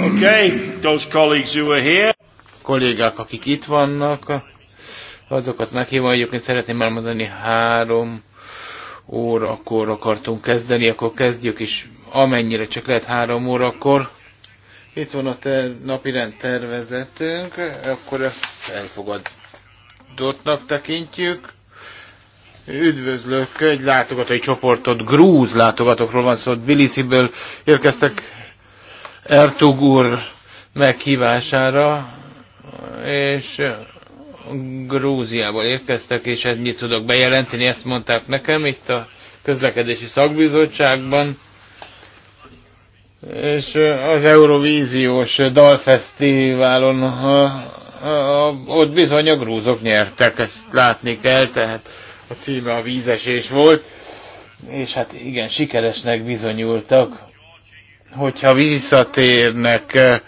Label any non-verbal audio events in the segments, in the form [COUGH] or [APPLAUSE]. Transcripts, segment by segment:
Okay, those colleagues who are here. Kollégák, akik itt vannak, azokat meghívjuk. Én szeretném elmondani, három órakor akartunk kezdeni, akkor kezdjük is, amennyire csak lehet három órakor. Itt van a ter- napirend tervezetünk, akkor ezt elfogadottnak tekintjük. Üdvözlök egy látogatói csoportot, grúz látogatókról van szó, Tbilisi-ből érkeztek Ertug úr meghívására, és Grúziából érkeztek, és ennyit tudok bejelenteni, ezt mondták nekem itt a közlekedési szakbizottságban, és az Eurovíziós dalfesztiválon a, a, ott bizony a grúzok nyertek, ezt látni kell, tehát a címe a vízesés volt, és hát igen, sikeresnek bizonyultak hogyha visszatérnek eh,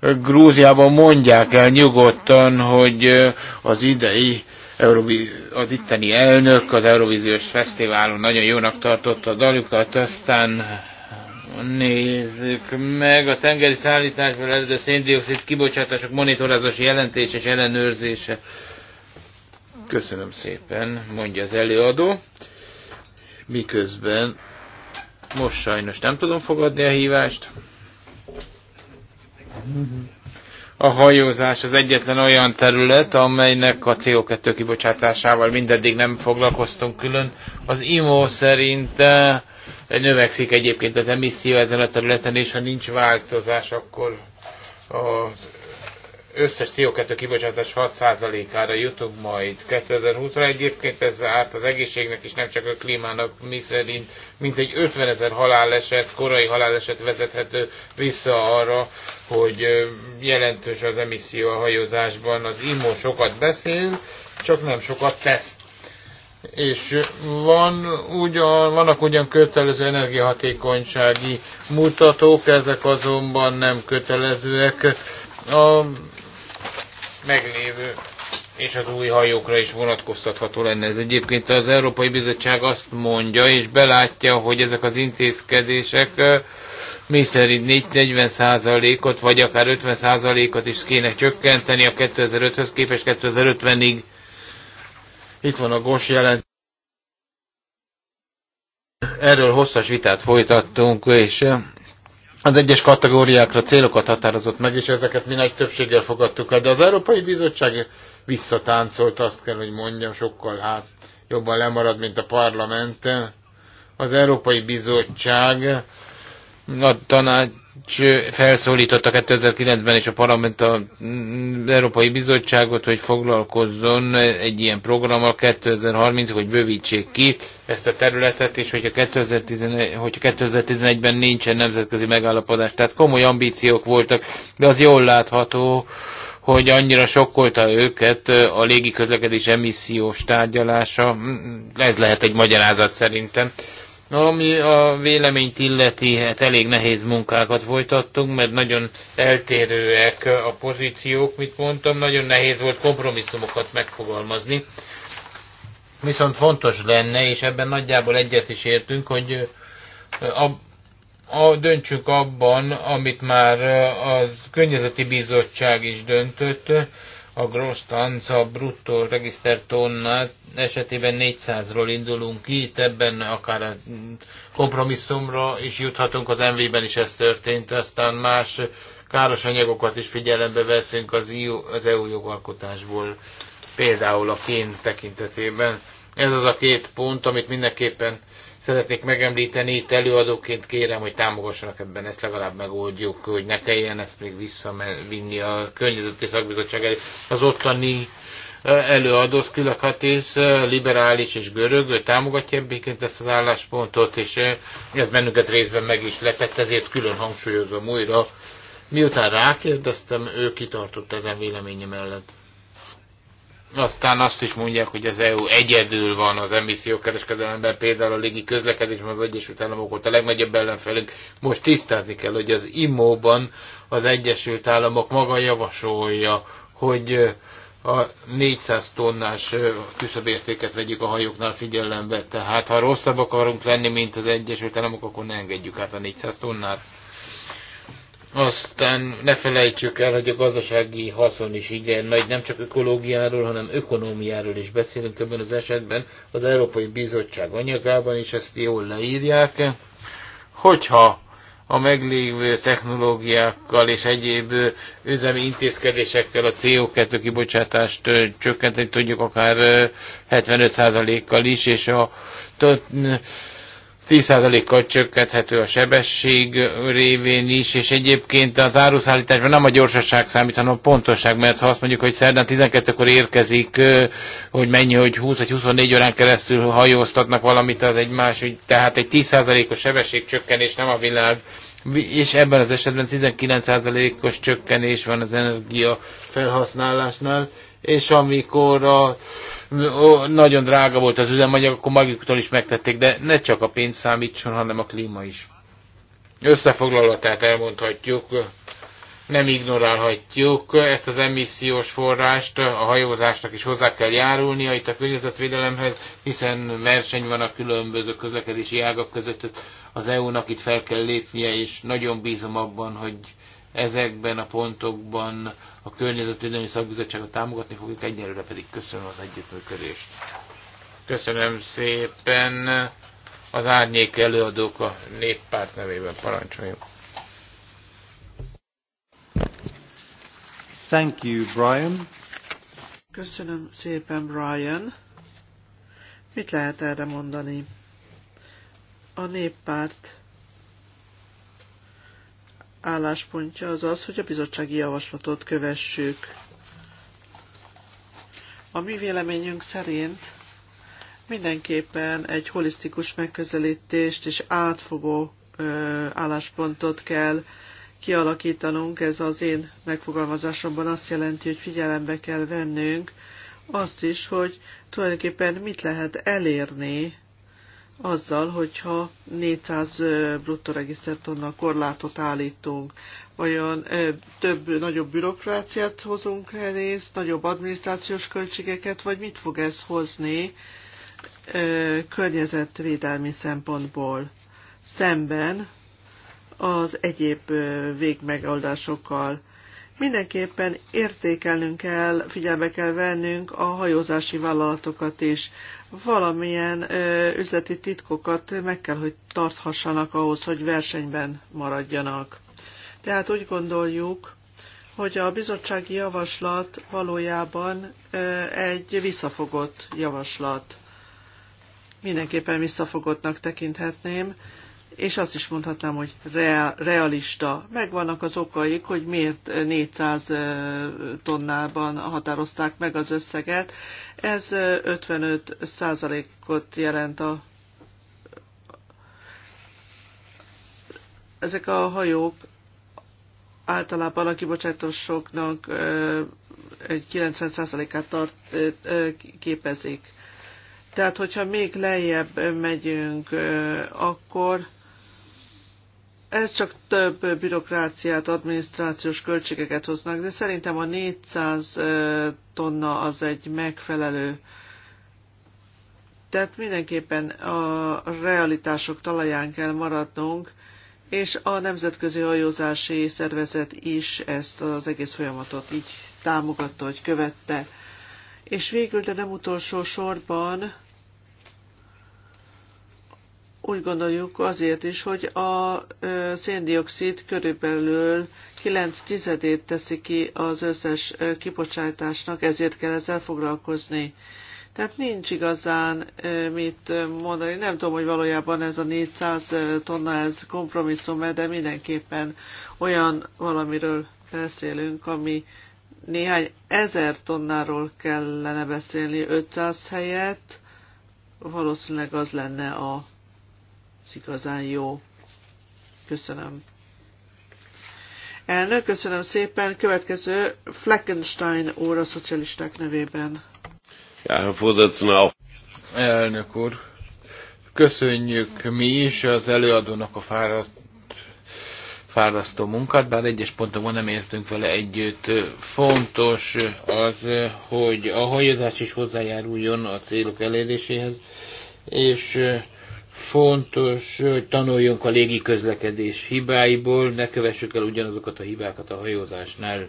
Grúziában mondják el nyugodtan, hogy eh, az idei az itteni elnök az Eurovíziós Fesztiválon nagyon jónak tartotta a dalukat, aztán nézzük meg a tengeri szállításból eredő széndiokszid kibocsátások monitorozási jelentés és ellenőrzése. Köszönöm szépen, mondja az előadó. Miközben most sajnos nem tudom fogadni a hívást. A hajózás az egyetlen olyan terület, amelynek a CO2 kibocsátásával mindeddig nem foglalkoztunk külön. Az IMO szerint eh, növekszik egyébként az emisszió ezen a területen, és ha nincs változás, akkor az összes CO2 kibocsátás 6%-ára jutunk majd 2020-ra. Egyébként ez árt az egészségnek és nem csak a klímának, mi szerint mintegy 50 ezer haláleset, korai haláleset vezethető vissza arra, hogy jelentős az emisszió a hajózásban. Az IMO sokat beszél, csak nem sokat tesz. És van ugyan, vannak ugyan kötelező energiahatékonysági mutatók, ezek azonban nem kötelezőek a meglévő és az új hajókra is vonatkoztatható lenne. Ez egyébként az Európai Bizottság azt mondja, és belátja, hogy ezek az intézkedések mi szerint 40%-ot, vagy akár 50%-ot is kéne csökkenteni a 2005-höz képest 2050-ig. Itt van a GOS jelent. Erről hosszas vitát folytattunk, és az egyes kategóriákra célokat határozott meg, és ezeket mi nagy többséggel fogadtuk el, de az Európai Bizottság visszatáncolt, azt kell, hogy mondjam, sokkal hát jobban lemarad, mint a parlament. Az Európai Bizottság a tanács felszólította 2009-ben és a parlament a mm, Európai Bizottságot, hogy foglalkozzon egy ilyen programmal 2030 hogy bővítsék ki ezt a területet, és hogyha 2011, hogyha 2011-ben nincsen nemzetközi megállapodás. Tehát komoly ambíciók voltak, de az jól látható, hogy annyira sokkolta őket a légiközlekedés emissziós tárgyalása. Mm, ez lehet egy magyarázat szerintem. Ami a véleményt illeti, hát elég nehéz munkákat folytattunk, mert nagyon eltérőek a pozíciók, mit mondtam, nagyon nehéz volt kompromisszumokat megfogalmazni. Viszont fontos lenne, és ebben nagyjából egyet is értünk, hogy a, a, döntsünk abban, amit már a környezeti bizottság is döntött, a gross tons, a bruttó regisztertonna esetében 400-ról indulunk ki, itt ebben akár a kompromisszumra is juthatunk, az MV-ben is ez történt, aztán más káros anyagokat is figyelembe veszünk az EU, az EU jogalkotásból, például a kén tekintetében. Ez az a két pont, amit mindenképpen szeretnék megemlíteni itt előadóként, kérem, hogy támogassanak ebben, ezt legalább megoldjuk, hogy ne kelljen ezt még visszavinni a környezeti szakbizottság elé. Az ottani előadó Külakatész, liberális és görög, ő támogatja ebbéként ezt az álláspontot, és ez bennünket részben meg is lepett, ezért külön hangsúlyozom újra. Miután rákérdeztem, ő kitartott ezen véleménye mellett. Aztán azt is mondják, hogy az EU egyedül van az emissziókereskedelemben, például a légi közlekedésben az Egyesült Államok volt a legnagyobb ellenfelünk. Most tisztázni kell, hogy az IMO-ban az Egyesült Államok maga javasolja, hogy a 400 tonnás küszöbértéket vegyük a hajóknál figyelembe. Tehát ha rosszabb akarunk lenni, mint az Egyesült Államok, akkor ne engedjük át a 400 tonnát. Aztán ne felejtsük el, hogy a gazdasági haszon is igen nagy, nem csak ökológiáról, hanem ökonómiáról is beszélünk ebben az esetben. Az Európai Bizottság anyagában is ezt jól leírják. Hogyha a meglévő technológiákkal és egyéb üzemi intézkedésekkel a CO2 kibocsátást csökkenteni tudjuk akár 75%-kal is, és a 10%-kal csökkenthető a sebesség révén is, és egyébként az áruszállításban nem a gyorsaság számít, hanem a pontosság, mert ha azt mondjuk, hogy szerdán 12-kor érkezik, hogy mennyi, hogy 20 vagy 24 órán keresztül hajóztatnak valamit, az egy hogy tehát egy 10%-os sebességcsökkenés nem a világ, és ebben az esetben 19%-os csökkenés van az energia felhasználásnál, és amikor a nagyon drága volt az üzemanyag, akkor maguktól is megtették, de ne csak a pénz számítson, hanem a klíma is. Összefoglalva tehát elmondhatjuk, nem ignorálhatjuk ezt az emissziós forrást, a hajózásnak is hozzá kell járulnia itt a környezetvédelemhez, hiszen verseny van a különböző közlekedési ágak között, az EU-nak itt fel kell lépnie, és nagyon bízom abban, hogy ezekben a pontokban a Környezetvédelmi Szakbizottságot támogatni fogjuk, egyelőre pedig köszönöm az együttműködést. Köszönöm szépen az árnyék előadók a néppárt nevében parancsoljuk. Thank you, Brian. Köszönöm szépen, Brian. Mit lehet erre mondani? A néppárt álláspontja az az, hogy a bizottsági javaslatot kövessük. A mi véleményünk szerint mindenképpen egy holisztikus megközelítést és átfogó álláspontot kell kialakítanunk. Ez az én megfogalmazásomban azt jelenti, hogy figyelembe kell vennünk azt is, hogy tulajdonképpen mit lehet elérni azzal, hogyha 400 bruttó regisztertonnal korlátot állítunk. Vajon több, nagyobb bürokráciát hozunk elész, nagyobb adminisztrációs költségeket, vagy mit fog ez hozni környezetvédelmi szempontból szemben az egyéb végmegoldásokkal? Mindenképpen értékelnünk kell, figyelme kell vennünk a hajózási vállalatokat is. Valamilyen ö, üzleti titkokat meg kell, hogy tarthassanak ahhoz, hogy versenyben maradjanak. Tehát úgy gondoljuk, hogy a bizottsági javaslat valójában egy visszafogott javaslat. Mindenképpen visszafogottnak tekinthetném, és azt is mondhatnám, hogy real, realista. Megvannak az okaik, hogy miért 400 tonnában határozták meg az összeget. Ez 55 százalékot jelent a ezek a hajók általában a kibocsátásoknak egy 90%-át tart, képezik. Tehát, hogyha még lejjebb megyünk, akkor ez csak több bürokráciát, adminisztrációs költségeket hoznak, de szerintem a 400 tonna az egy megfelelő. Tehát mindenképpen a realitások talaján kell maradnunk, és a Nemzetközi Hajózási Szervezet is ezt az egész folyamatot így támogatta, hogy követte. És végül, de nem utolsó sorban, úgy gondoljuk azért is, hogy a széndiokszid körülbelül 9 tizedét teszi ki az összes kibocsátásnak, ezért kell ezzel foglalkozni. Tehát nincs igazán mit mondani. Nem tudom, hogy valójában ez a 400 tonna, ez kompromisszum -e, de mindenképpen olyan valamiről beszélünk, ami néhány ezer tonnáról kellene beszélni, 500 helyett valószínűleg az lenne a ez igazán jó. Köszönöm. Elnök, köszönöm szépen. Következő Fleckenstein óra a szocialisták nevében. Elnök úr, köszönjük mi is az előadónak a fáradt fárasztó munkát, bár egyes pontokban nem értünk vele együtt. Fontos az, hogy a hajózás is hozzájáruljon a célok eléréséhez, és Fontos, hogy tanuljunk a légi közlekedés hibáiból, ne kövessük el ugyanazokat a hibákat a hajózásnál.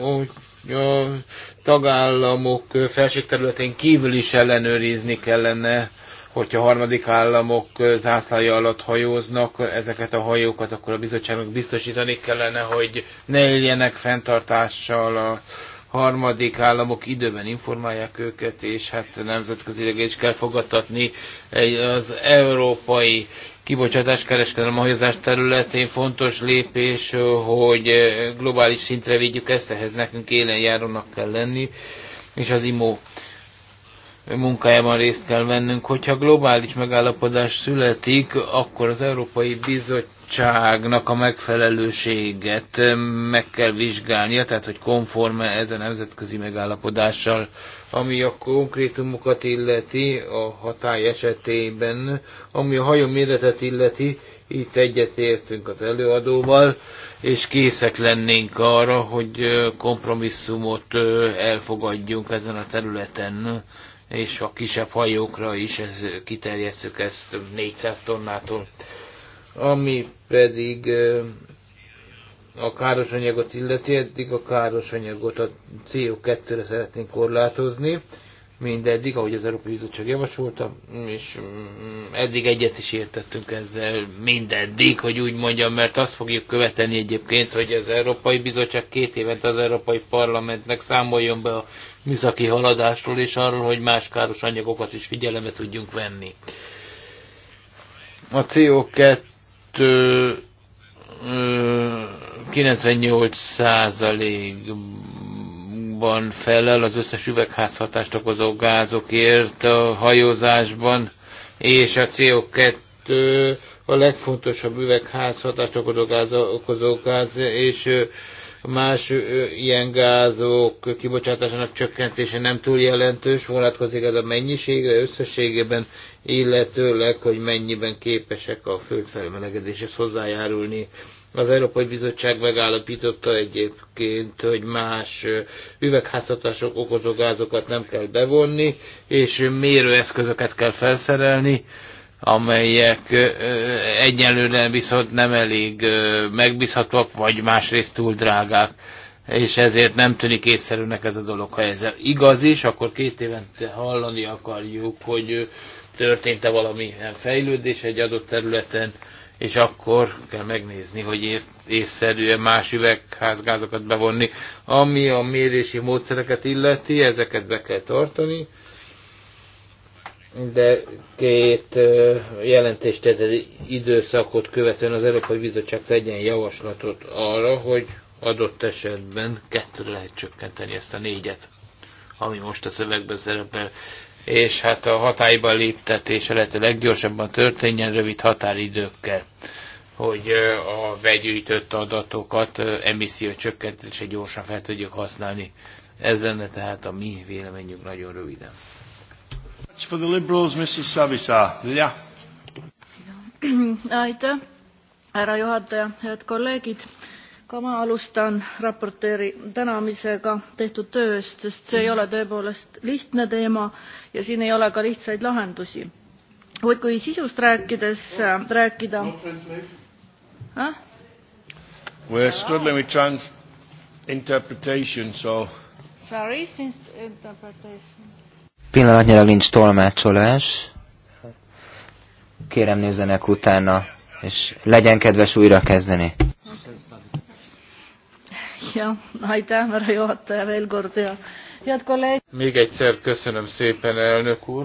hogy a tagállamok felségterületén kívül is ellenőrizni kellene, hogyha harmadik államok zászlája alatt hajóznak ezeket a hajókat, akkor a bizottságnak biztosítani kellene, hogy ne éljenek fenntartással a harmadik államok időben informálják őket, és hát nemzetközileg is kell fogadtatni az európai kibocsátás kereskedelem hajózás területén fontos lépés, hogy globális szintre vigyük ezt, ehhez nekünk élen járónak kell lenni, és az IMO munkájában részt kell vennünk. Hogyha globális megállapodás születik, akkor az Európai Bizottságnak a megfelelőséget meg kell vizsgálnia, tehát hogy konforme ez a nemzetközi megállapodással, ami a konkrétumokat illeti a hatály esetében, ami a hajó méretet illeti, itt egyetértünk az előadóval, és készek lennénk arra, hogy kompromisszumot elfogadjunk ezen a területen és a kisebb hajókra is ez, kiterjesszük ezt 400 tonnától. Ami pedig a káros anyagot illeti, eddig a káros anyagot a CO2-re szeretnénk korlátozni, mindeddig, ahogy az Európai Bizottság javasolta, és mm, eddig egyet is értettünk ezzel, mindeddig, hogy úgy mondjam, mert azt fogjuk követelni egyébként, hogy az Európai Bizottság két évent az Európai Parlamentnek számoljon be a műszaki haladásról, és arról, hogy más káros anyagokat is figyelembe tudjunk venni. A CO2 98%-ban felel az összes üvegházhatást okozó gázokért a hajózásban, és a CO2 a legfontosabb üvegházhatást okozó gáz, okozó gáz és más ilyen gázok kibocsátásának csökkentése nem túl jelentős, vonatkozik ez a mennyiségre összességében, illetőleg, hogy mennyiben képesek a föld felmelegedéshez hozzájárulni. Az Európai Bizottság megállapította egyébként, hogy más üvegházhatások okozó gázokat nem kell bevonni, és mérőeszközöket kell felszerelni, amelyek egyelőre viszont nem elég megbízhatóak, vagy másrészt túl drágák, és ezért nem tűnik észszerűnek ez a dolog. Ha ez igaz is, akkor két évente hallani akarjuk, hogy történt-e valamilyen fejlődés egy adott területen, és akkor kell megnézni, hogy észszerűen más üvegházgázokat bevonni. Ami a mérési módszereket illeti, ezeket be kell tartani, de két jelentéstételi időszakot követően az Európai Bizottság tegyen javaslatot arra, hogy adott esetben kettőre lehet csökkenteni ezt a négyet, ami most a szövegben szerepel, és hát a hatályban léptetése lehető leggyorsabban történjen rövid határidőkkel, hogy a begyűjtött adatokat emisszió csökkentése gyorsan fel tudjuk használni. Ez lenne tehát a mi véleményünk nagyon röviden. It's for the Liberals, Mrs. Savisaar. Yeah. [CLEARS THROAT] Aitäh, härra juhataja, head kolleegid. ka ma alustan raportööri tänamisega tehtud töö eest, sest see ei ole tõepoolest lihtne teema ja siin ei ole ka lihtsaid lahendusi. kuid kui sisust rääkides rääkida no, eh? We're struggling with trans interpretation, so. Sorry, since interpretation Pillanatnyilag nincs tolmácsolás. Kérem nézzenek utána, és legyen kedves újra kezdeni. Ja, Még egyszer köszönöm szépen, elnök úr.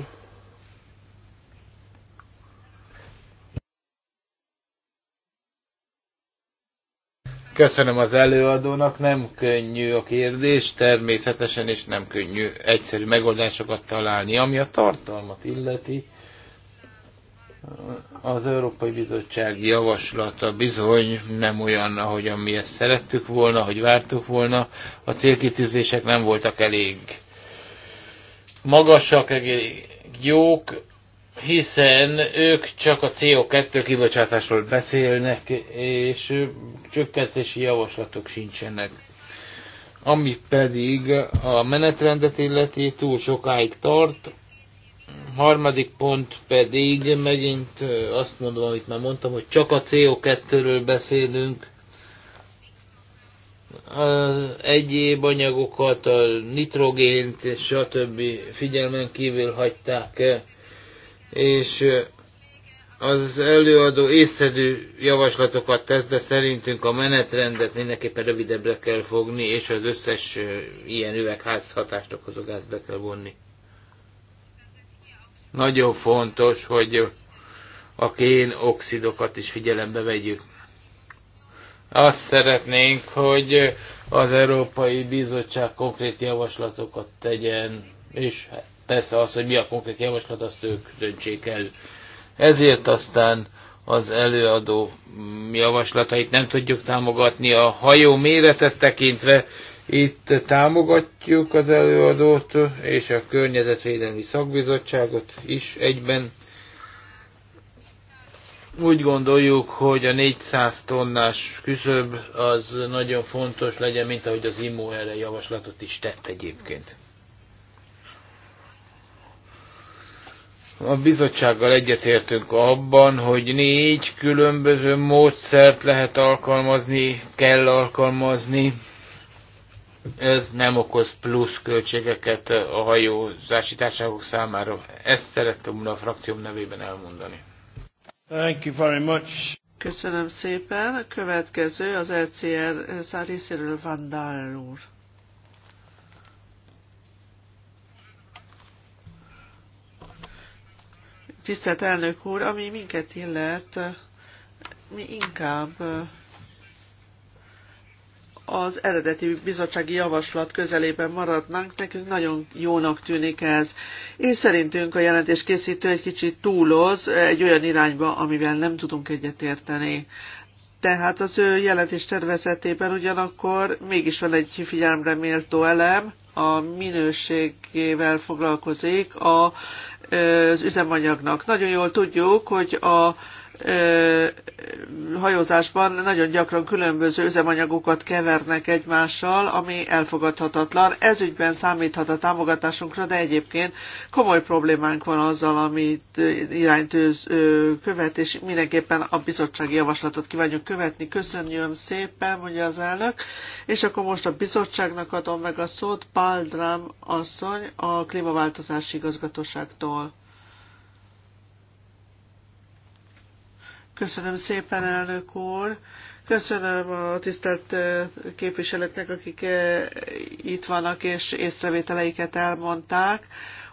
Köszönöm az előadónak, nem könnyű a kérdés, természetesen, és nem könnyű egyszerű megoldásokat találni. Ami a tartalmat illeti, az Európai Bizottság javaslata bizony nem olyan, ahogyan mi ezt szerettük volna, hogy vártuk volna. A célkitűzések nem voltak elég magasak, elég jók, hiszen ők csak a CO2 kibocsátásról beszélnek, és csökkentési javaslatok sincsenek. Ami pedig a menetrendet illeti túl sokáig tart, harmadik pont pedig megint azt mondom, amit már mondtam, hogy csak a CO2-ről beszélünk, az egyéb anyagokat, a nitrogént, és a többi figyelmen kívül hagyták és az előadó észszerű javaslatokat tesz, de szerintünk a menetrendet mindenképpen rövidebbre kell fogni, és az összes ilyen üvegház hatást okozó gáz be kell vonni. Nagyon fontos, hogy a kén oxidokat is figyelembe vegyük. Azt szeretnénk, hogy az Európai Bizottság konkrét javaslatokat tegyen, és hát Persze az, hogy mi a konkrét javaslat, azt ők döntsék el. Ezért aztán az előadó javaslatait nem tudjuk támogatni a hajó méretet tekintve. Itt támogatjuk az előadót és a Környezetvédelmi Szakbizottságot is egyben. Úgy gondoljuk, hogy a 400 tonnás küszöb az nagyon fontos legyen, mint ahogy az IMO erre javaslatot is tett egyébként. A bizottsággal egyetértünk abban, hogy négy különböző módszert lehet alkalmazni, kell alkalmazni. Ez nem okoz plusz költségeket a hajózási társaságok számára. Ezt szerettem volna a frakcióm nevében elmondani. Thank you very much. Köszönöm szépen. A következő az ECR részéről Van úr. Tisztelt elnök úr, ami minket illet, mi inkább az eredeti bizottsági javaslat közelében maradnánk, nekünk nagyon jónak tűnik ez, és szerintünk a jelentés készítő egy kicsit túloz egy olyan irányba, amivel nem tudunk egyetérteni. Tehát az ő jelentés tervezetében ugyanakkor mégis van egy figyelemre méltó elem, a minőségével foglalkozik a az üzemanyagnak. Nagyon jól tudjuk, hogy a hajózásban nagyon gyakran különböző üzemanyagokat kevernek egymással, ami elfogadhatatlan. Ez ügyben számíthat a támogatásunkra, de egyébként komoly problémánk van azzal, amit iránytűz követ, és mindenképpen a bizottsági javaslatot kívánjuk követni. Köszönjük szépen, mondja az elnök. És akkor most a bizottságnak adom meg a szót Baldram asszony a klímaváltozási igazgatóságtól. Köszönöm szépen, elnök úr. Köszönöm a tisztelt eh, képviselőknek, akik eh, itt vannak és észrevételeiket elmondták.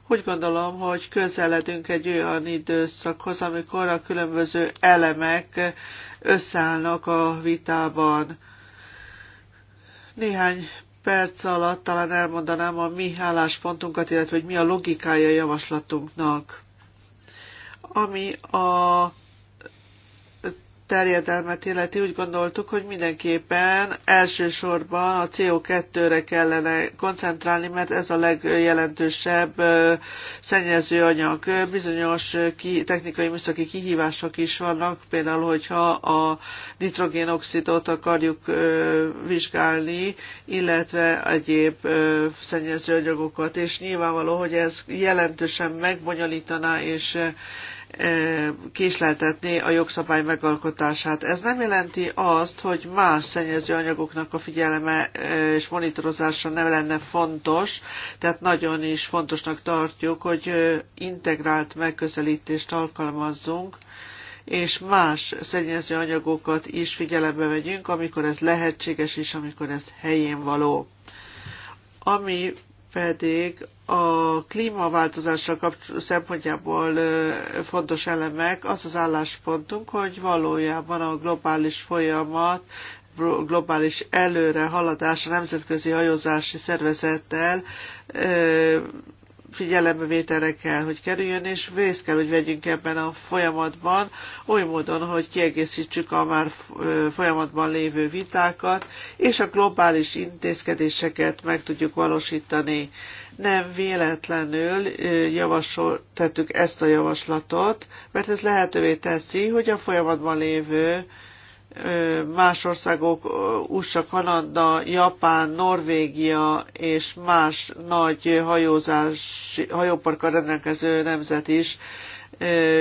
Úgy gondolom, hogy közeledünk egy olyan időszakhoz, amikor a különböző elemek összeállnak a vitában. Néhány perc alatt talán elmondanám a mi álláspontunkat, illetve hogy mi a logikája a javaslatunknak. Ami a terjedelmet illeti, úgy gondoltuk, hogy mindenképpen elsősorban a CO2-re kellene koncentrálni, mert ez a legjelentősebb szennyező anyag. Bizonyos technikai műszaki kihívások is vannak, például, hogyha a nitrogénoxidot akarjuk vizsgálni, illetve egyéb szennyezőanyagokat, és nyilvánvaló, hogy ez jelentősen megbonyolítaná és késleltetni a jogszabály megalkotását. Ez nem jelenti azt, hogy más szennyező anyagoknak a figyeleme és monitorozása nem lenne fontos, tehát nagyon is fontosnak tartjuk, hogy integrált megközelítést alkalmazzunk, és más szennyező anyagokat is figyelembe vegyünk, amikor ez lehetséges és amikor ez helyén való. Ami pedig a klímaváltozásra szempontjából fontos elemek az az álláspontunk, hogy valójában a globális folyamat globális előrehaladás a Nemzetközi Hajózási Szervezettel figyelembevételre kell, hogy kerüljön, és vész kell, hogy vegyünk ebben a folyamatban, oly módon, hogy kiegészítsük a már folyamatban lévő vitákat, és a globális intézkedéseket meg tudjuk valósítani. Nem véletlenül javasoltettük ezt a javaslatot, mert ez lehetővé teszi, hogy a folyamatban lévő más országok, USA, Kanada, Japán, Norvégia és más nagy hajózás, hajóparkkal rendelkező nemzet is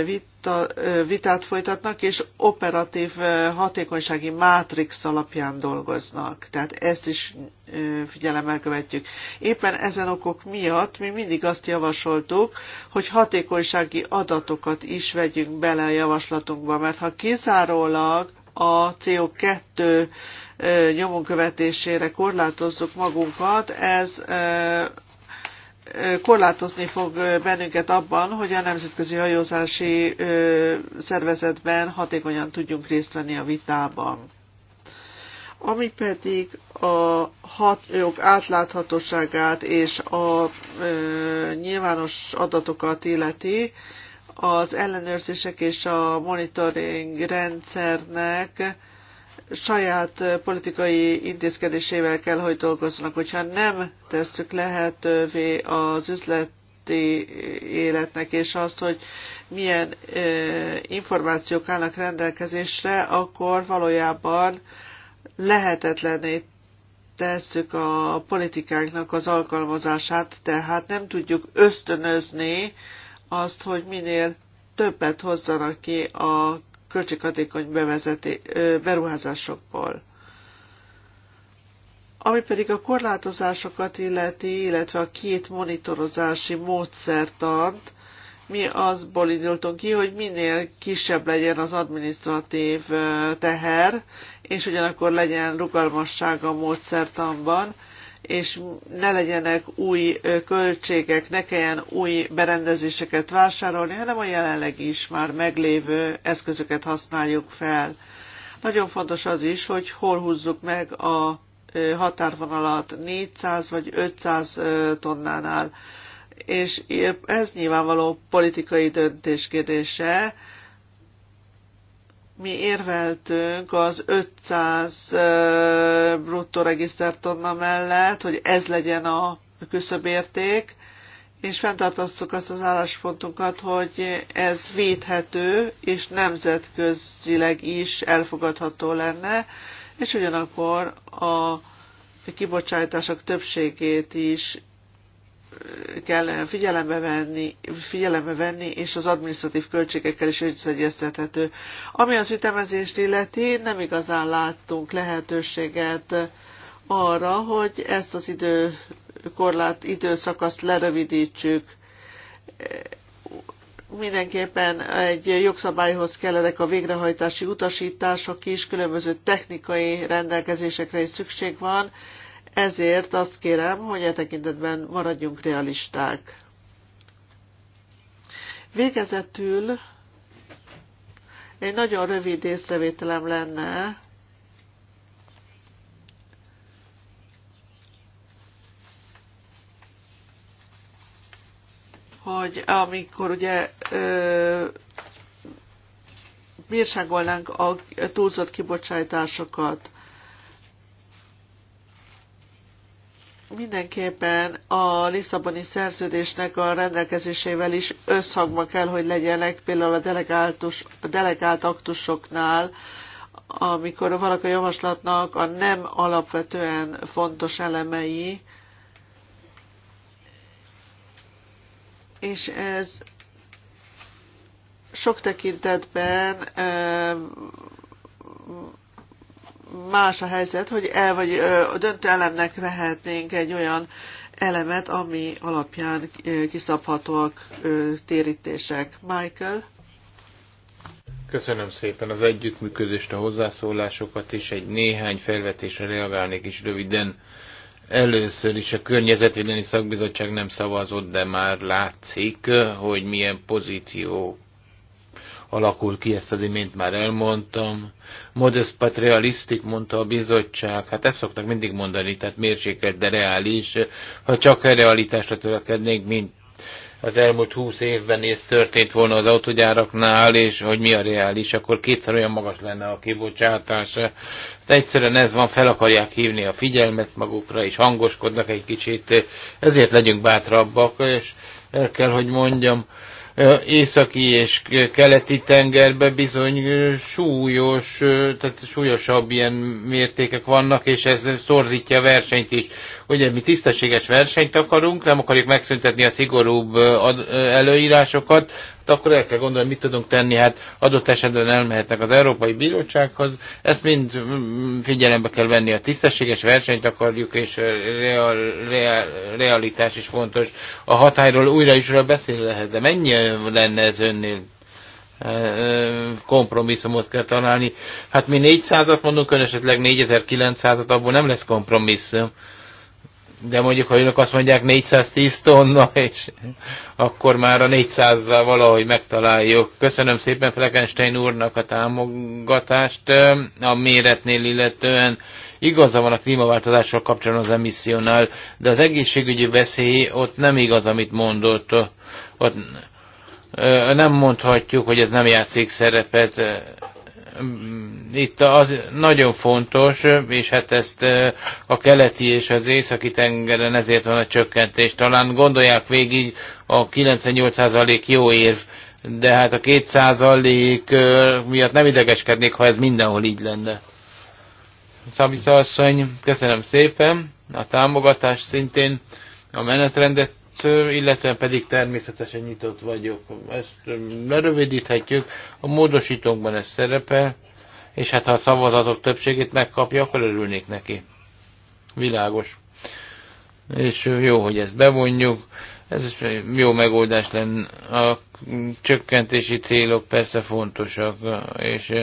vita, vitát folytatnak, és operatív hatékonysági mátrix alapján dolgoznak. Tehát ezt is figyelemmel követjük. Éppen ezen okok miatt mi mindig azt javasoltuk, hogy hatékonysági adatokat is vegyünk bele a javaslatunkba, mert ha kizárólag a CO2 nyomon követésére korlátozzuk magunkat, ez korlátozni fog bennünket abban, hogy a nemzetközi hajózási szervezetben hatékonyan tudjunk részt venni a vitában. Ami pedig a hatók átláthatóságát és a nyilvános adatokat illeti, az ellenőrzések és a monitoring rendszernek saját politikai intézkedésével kell, hogy dolgozzanak. Hogyha nem tesszük lehetővé az üzlet életnek, és azt, hogy milyen információk állnak rendelkezésre, akkor valójában lehetetlené tesszük a politikáknak az alkalmazását, tehát nem tudjuk ösztönözni azt, hogy minél többet hozzanak ki a költséghatékony bevezeti, beruházásokból. Ami pedig a korlátozásokat illeti, illetve a két monitorozási módszertant, mi azból indultunk ki, hogy minél kisebb legyen az administratív teher, és ugyanakkor legyen rugalmasság a módszertanban, és ne legyenek új költségek, ne kelljen új berendezéseket vásárolni, hanem a jelenleg is már meglévő eszközöket használjuk fel. Nagyon fontos az is, hogy hol húzzuk meg a határvonalat 400 vagy 500 tonnánál. És ez nyilvánvaló politikai döntés kérdése, mi érveltünk az 500 bruttó regisztertonna mellett, hogy ez legyen a küszöbérték, és fenntartottuk azt az álláspontunkat, hogy ez védhető, és nemzetközileg is elfogadható lenne, és ugyanakkor a kibocsátások többségét is kell figyelembe venni, figyelembe venni, és az administratív költségekkel is összeegyeztethető. Ami az ütemezést illeti, nem igazán láttunk lehetőséget arra, hogy ezt az időkorlát, időszakaszt lerövidítsük. Mindenképpen egy jogszabályhoz kellenek a végrehajtási utasítások is, különböző technikai rendelkezésekre is szükség van, ezért azt kérem, hogy e tekintetben maradjunk realisták. Végezetül egy nagyon rövid észrevételem lenne, hogy amikor ugye ö, bírságolnánk a túlzott kibocsátásokat, mindenképpen a Lisszaboni szerződésnek a rendelkezésével is összhangban kell, hogy legyenek például a delegáltus, a delegált aktusoknál, amikor valaki a javaslatnak a nem alapvetően fontos elemei, és ez sok tekintetben más a helyzet, hogy el vagy ö, döntő elemnek vehetnénk egy olyan elemet, ami alapján ö, kiszabhatóak ö, térítések. Michael? Köszönöm szépen az együttműködést, a hozzászólásokat, és egy néhány felvetésre reagálnék is röviden. Először is a Környezetvédelmi Szakbizottság nem szavazott, de már látszik, hogy milyen pozíció alakul ki, ezt az imént már elmondtam. Modest but mondta a bizottság. Hát ezt szoktak mindig mondani, tehát mérsékelt, de reális. Ha csak a realitásra törekednénk, mint az elmúlt húsz évben ez történt volna az autogyáraknál, és hogy mi a reális, akkor kétszer olyan magas lenne a kibocsátás. Hát egyszerűen ez van, fel akarják hívni a figyelmet magukra, és hangoskodnak egy kicsit, ezért legyünk bátrabbak, és el kell, hogy mondjam, északi és keleti tengerben bizony súlyos, tehát súlyosabb ilyen mértékek vannak, és ez szorzítja a versenyt is. Ugye mi tisztességes versenyt akarunk, nem akarjuk megszüntetni a szigorúbb előírásokat, akkor el kell gondolni, mit tudunk tenni, hát adott esetben elmehetnek az Európai Bírósághoz, ezt mind mm, figyelembe kell venni, a tisztességes versenyt akarjuk, és real, real, realitás is fontos. A hatályról újra is újra beszélni lehet, de mennyi lenne ez önnél? kompromisszumot kell találni. Hát mi 400-at mondunk, ön esetleg 4900-at, abból nem lesz kompromisszum de mondjuk, ha önök azt mondják 410 tonna, [LAUGHS] és akkor már a 400-val valahogy megtaláljuk. Köszönöm szépen Fleckenstein úrnak a támogatást a méretnél, illetően igaza van a klímaváltozással kapcsolatban az emissziónál, de az egészségügyi veszély ott nem igaz, amit mondott. Ott nem mondhatjuk, hogy ez nem játszik szerepet. Mm, itt az nagyon fontos, és hát ezt eh, a keleti és az északi tengeren ezért van a csökkentés. Talán gondolják végig, a 98% jó érv, de hát a 2% eh, miatt nem idegeskednék, ha ez mindenhol így lenne. Szabica asszony, köszönöm szépen a támogatást szintén, a menetrendet illetve pedig természetesen nyitott vagyok. Ezt lerövidíthetjük, a módosítónkban ez szerepel, és hát ha a szavazatok többségét megkapja, akkor örülnék neki. Világos. És jó, hogy ezt bevonjuk. Ez is jó megoldás lenne. A csökkentési célok persze fontosak, és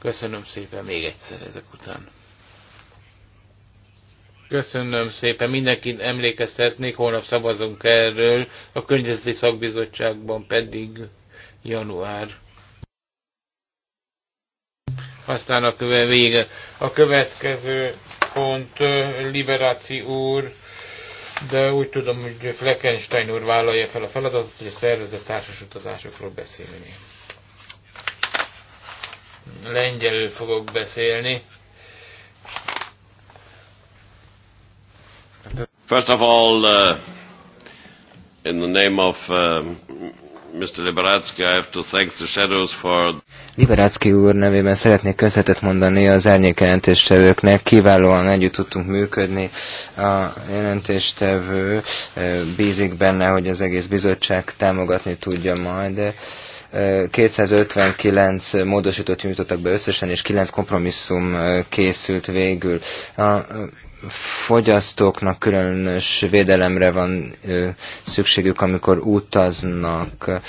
köszönöm szépen még egyszer ezek után. Köszönöm szépen. Mindenkit emlékeztetnék, holnap szavazunk erről, a Környezeti Szakbizottságban pedig január. Aztán a köve vége. A következő pont Liberáci úr, de úgy tudom, hogy Fleckenstein úr vállalja fel a feladatot, hogy a szervezett utazásokról beszélni. Lengyelül fogok beszélni First of all, uh, in the name of um, uh, Mr. Liberatsky, I have to thank the shadows for... Liberatsky úr nevében szeretnék köszönetet mondani az árnyék jelentéstevőknek. Kiválóan együtt tudtunk működni. A jelentéstevő bízik benne, hogy az egész bizottság támogatni tudja majd. De 259 módosítót nyújtottak be összesen, és 9 kompromisszum készült végül. A fogyasztóknak különös védelemre van szükségük, amikor utaznak.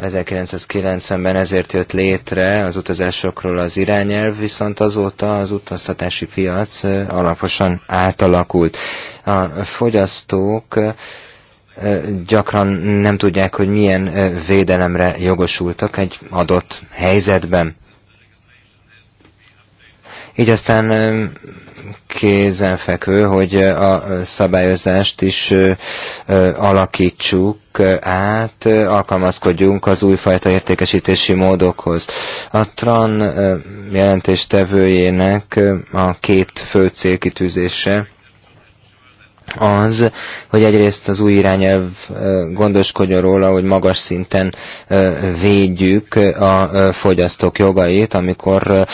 1990-ben ezért jött létre az utazásokról az irányelv, viszont azóta az utaztatási piac alaposan átalakult. A fogyasztók gyakran nem tudják, hogy milyen védelemre jogosultak egy adott helyzetben. Így aztán kézenfekvő, hogy a szabályozást is alakítsuk át, alkalmazkodjunk az újfajta értékesítési módokhoz. A TRAN jelentéstevőjének a két fő célkitűzése az, hogy egyrészt az új irányelv gondoskodjon róla, hogy magas szinten védjük a fogyasztók jogait, amikor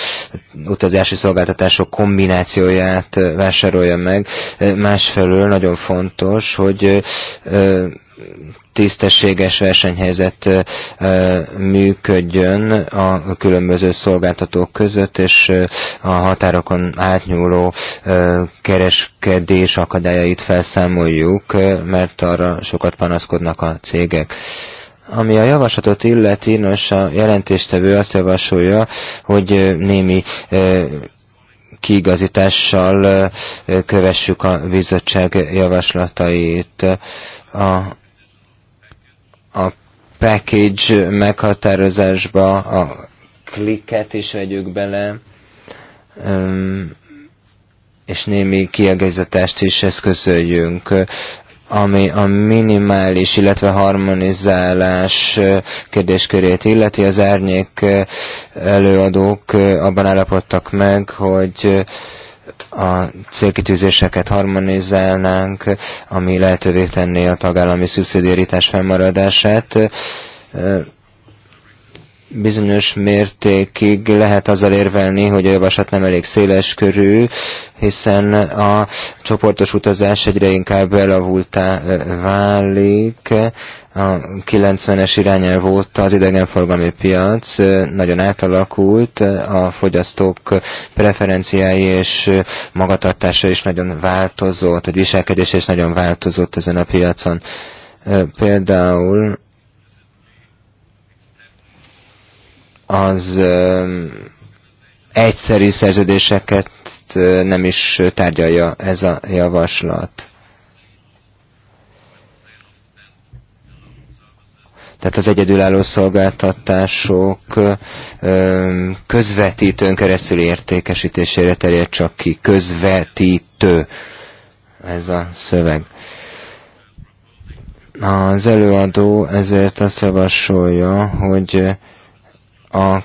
utazási szolgáltatások kombinációját vásárolja meg. Másfelől nagyon fontos, hogy tisztességes versenyhelyzet működjön a különböző szolgáltatók között, és a határokon átnyúló kereskedés akadályait felszámoljuk, mert arra sokat panaszkodnak a cégek. Ami a javaslatot illeti, nos, a jelentéstevő azt javasolja, hogy némi kiigazítással kövessük a bizottság javaslatait. A a package meghatározásba a klikket is vegyük bele, és némi kiegészítést is eszközöljünk ami a minimális, illetve harmonizálás kérdéskörét illeti. Az árnyék előadók abban állapodtak meg, hogy a célkitűzéseket harmonizálnánk, ami lehetővé tenné a tagállami szubszidiaritás fennmaradását bizonyos mértékig lehet azzal érvelni, hogy a javaslat nem elég széles körű, hiszen a csoportos utazás egyre inkább elavultá válik. A 90-es irányelv óta az idegenforgalmi piac nagyon átalakult, a fogyasztók preferenciái és magatartása is nagyon változott, a viselkedés is nagyon változott ezen a piacon. Például az egyszerű szerződéseket nem is tárgyalja ez a javaslat. Tehát az egyedülálló szolgáltatások közvetítőn keresztül értékesítésére terjed csak ki. Közvetítő ez a szöveg. Az előadó ezért azt javasolja, hogy a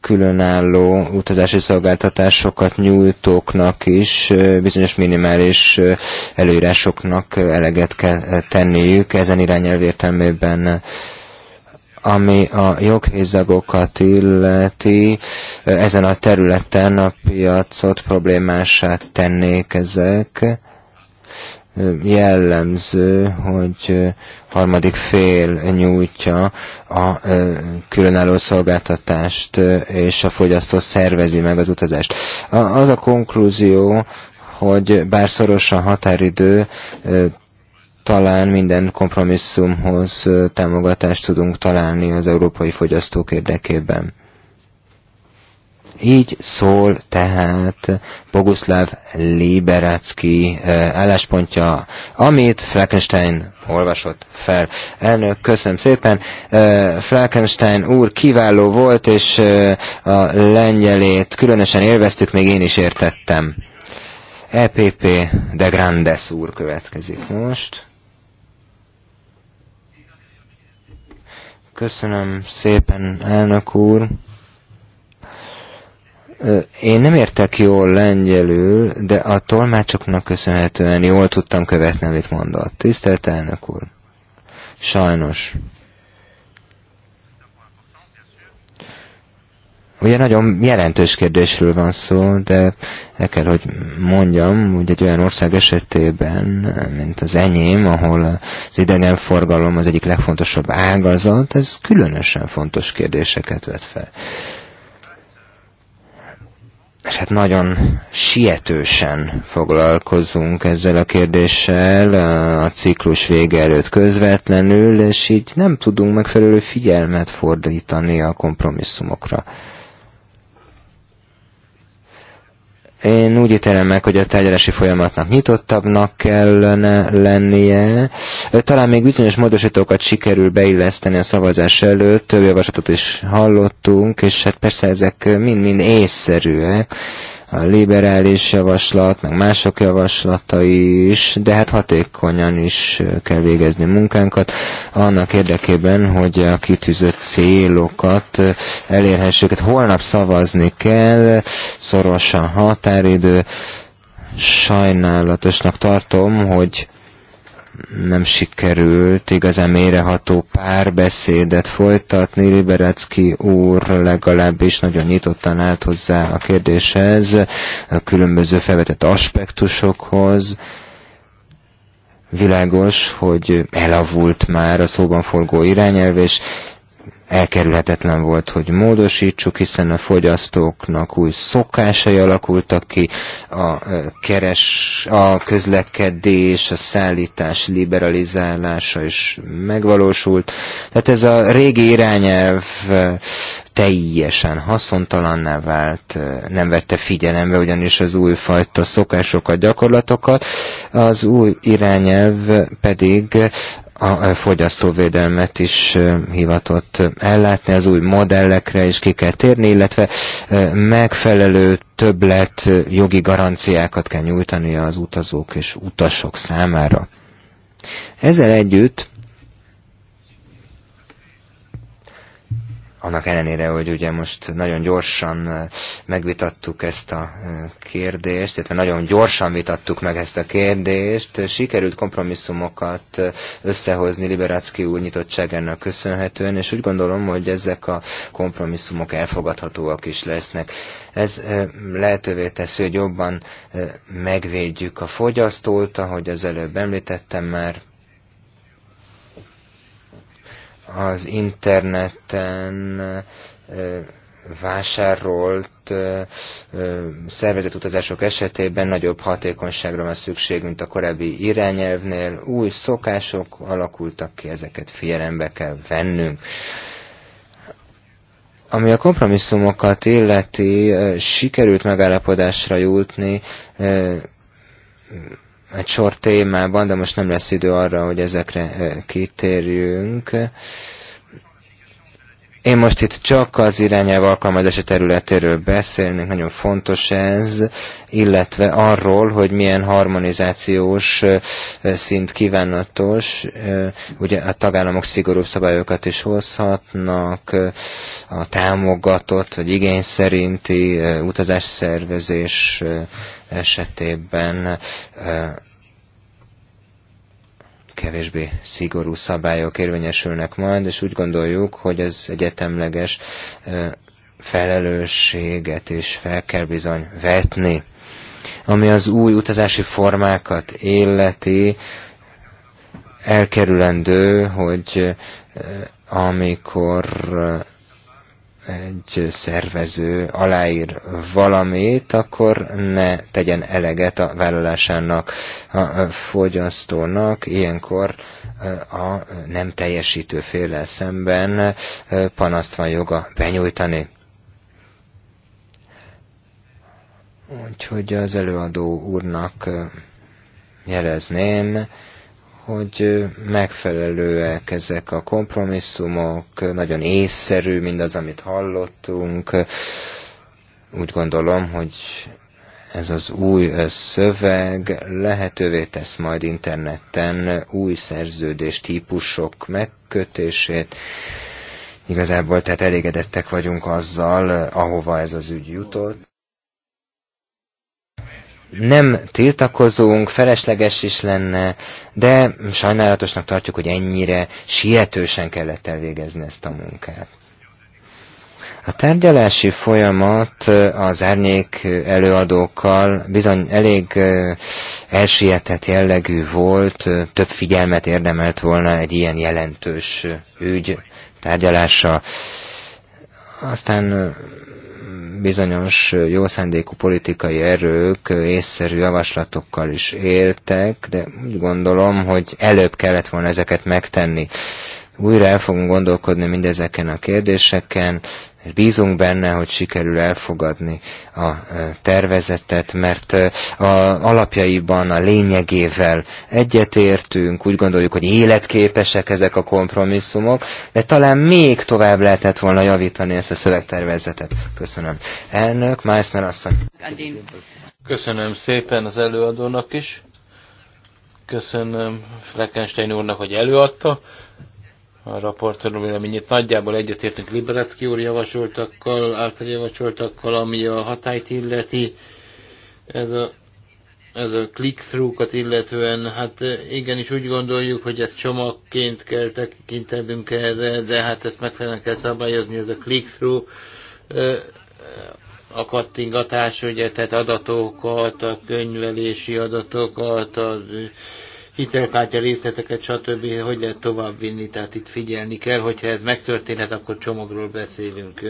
különálló utazási szolgáltatásokat nyújtóknak is bizonyos minimális előírásoknak eleget kell tenniük ezen irányelv értelmében ami a joghézagokat illeti, ezen a területen a piacot problémását tennék ezek jellemző, hogy harmadik fél nyújtja a különálló szolgáltatást, és a fogyasztó szervezi meg az utazást. Az a konklúzió, hogy bár szoros a határidő, talán minden kompromisszumhoz támogatást tudunk találni az európai fogyasztók érdekében. Így szól tehát Boguszláv Liberácki eh, álláspontja, amit Frankenstein olvasott fel. Elnök, köszönöm szépen. Eh, Frankenstein úr kiváló volt, és eh, a lengyelét különösen élveztük, még én is értettem. EPP de Grandes úr következik most. Köszönöm szépen, elnök úr. Én nem értek jól lengyelül, de a tolmácsoknak köszönhetően jól tudtam követni, amit mondott. Tisztelt elnök úr! Sajnos. Ugye nagyon jelentős kérdésről van szó, de el kell, hogy mondjam, hogy egy olyan ország esetében, mint az enyém, ahol az idegenforgalom az egyik legfontosabb ágazat, ez különösen fontos kérdéseket vet fel és hát nagyon sietősen foglalkozunk ezzel a kérdéssel a ciklus vége előtt közvetlenül, és így nem tudunk megfelelő figyelmet fordítani a kompromisszumokra. Én úgy ítélem meg, hogy a tárgyalási folyamatnak nyitottabbnak kellene lennie. Talán még bizonyos módosítókat sikerül beilleszteni a szavazás előtt, több javaslatot is hallottunk, és hát persze ezek mind-mind észszerűek a liberális javaslat, meg mások javaslatai is, de hát hatékonyan is kell végezni munkánkat, annak érdekében, hogy a kitűzött célokat elérhessük. Hát holnap szavazni kell, szorosan határidő, sajnálatosnak tartom, hogy nem sikerült igazán mélyreható párbeszédet folytatni. Liberecki úr legalábbis nagyon nyitottan állt hozzá a kérdéshez, a különböző felvetett aspektusokhoz. Világos, hogy elavult már a szóban forgó irányelv, és elkerülhetetlen volt, hogy módosítsuk, hiszen a fogyasztóknak új szokásai alakultak ki, a, keres, a közlekedés, a szállítás liberalizálása is megvalósult. Tehát ez a régi irányelv teljesen haszontalanná vált, nem vette figyelembe ugyanis az újfajta szokásokat, gyakorlatokat, az új irányelv pedig a fogyasztóvédelmet is hivatott ellátni, az új modellekre is ki kell térni, illetve megfelelő többlet jogi garanciákat kell nyújtani az utazók és utasok számára. Ezzel együtt annak ellenére, hogy ugye most nagyon gyorsan megvitattuk ezt a kérdést, illetve nagyon gyorsan vitattuk meg ezt a kérdést, sikerült kompromisszumokat összehozni Liberácki úr nyitottságának köszönhetően, és úgy gondolom, hogy ezek a kompromisszumok elfogadhatóak is lesznek. Ez lehetővé teszi, hogy jobban megvédjük a fogyasztót, ahogy az előbb említettem már, az interneten vásárolt szervezett utazások esetében nagyobb hatékonyságra van szükség, mint a korábbi irányelvnél. Új szokások alakultak ki, ezeket figyelembe kell vennünk. Ami a kompromisszumokat illeti, sikerült megállapodásra jutni egy sor témában, de most nem lesz idő arra, hogy ezekre eh, kitérjünk. Én most itt csak az irányelv alkalmazása területéről beszélnék, nagyon fontos ez, illetve arról, hogy milyen harmonizációs szint kívánatos. Ugye a tagállamok szigorúbb szabályokat is hozhatnak, a támogatott vagy igény szerinti utazásszervezés esetében kevésbé szigorú szabályok érvényesülnek majd, és úgy gondoljuk, hogy ez egyetemleges felelősséget is fel kell bizony vetni. Ami az új utazási formákat illeti, elkerülendő, hogy amikor egy szervező aláír valamit, akkor ne tegyen eleget a vállalásának, a fogyasztónak, ilyenkor a nem teljesítő féle szemben panaszt van joga benyújtani. Úgyhogy az előadó úrnak jelezném, hogy megfelelőek ezek a kompromisszumok, nagyon észszerű mindaz, amit hallottunk. Úgy gondolom, hogy ez az új szöveg lehetővé tesz majd interneten új szerződés típusok megkötését. Igazából tehát elégedettek vagyunk azzal, ahova ez az ügy jutott nem tiltakozunk, felesleges is lenne, de sajnálatosnak tartjuk, hogy ennyire sietősen kellett elvégezni ezt a munkát. A tárgyalási folyamat az árnyék előadókkal bizony elég elsietett jellegű volt, több figyelmet érdemelt volna egy ilyen jelentős ügy tárgyalása. Aztán bizonyos jószándékú politikai erők észszerű javaslatokkal is éltek, de úgy gondolom, hogy előbb kellett volna ezeket megtenni. Újra el fogunk gondolkodni mindezeken a kérdéseken, és bízunk benne, hogy sikerül elfogadni a tervezetet, mert a alapjaiban a lényegével egyetértünk, úgy gondoljuk, hogy életképesek ezek a kompromisszumok, de talán még tovább lehetett volna javítani ezt a szövegtervezetet. Köszönöm. Elnök, Meissner asszony. Köszönöm szépen az előadónak is. Köszönöm Fleckenstein úrnak, hogy előadta a raportról véleményét. Nagyjából egyetértünk Liberecki úr javasoltakkal, által javasoltakkal, ami a hatályt illeti. Ez a, ez a click-through-kat illetően, hát igenis úgy gondoljuk, hogy ezt csomagként kell tekintenünk erre, de hát ezt megfelelően kell szabályozni, ez a click-through a kattingatás, ugye, tehát adatokat, a könyvelési adatokat, az hitelkártya részleteket, stb. hogy lehet tovább vinni, tehát itt figyelni kell, hogyha ez megtörténhet, akkor csomagról beszélünk,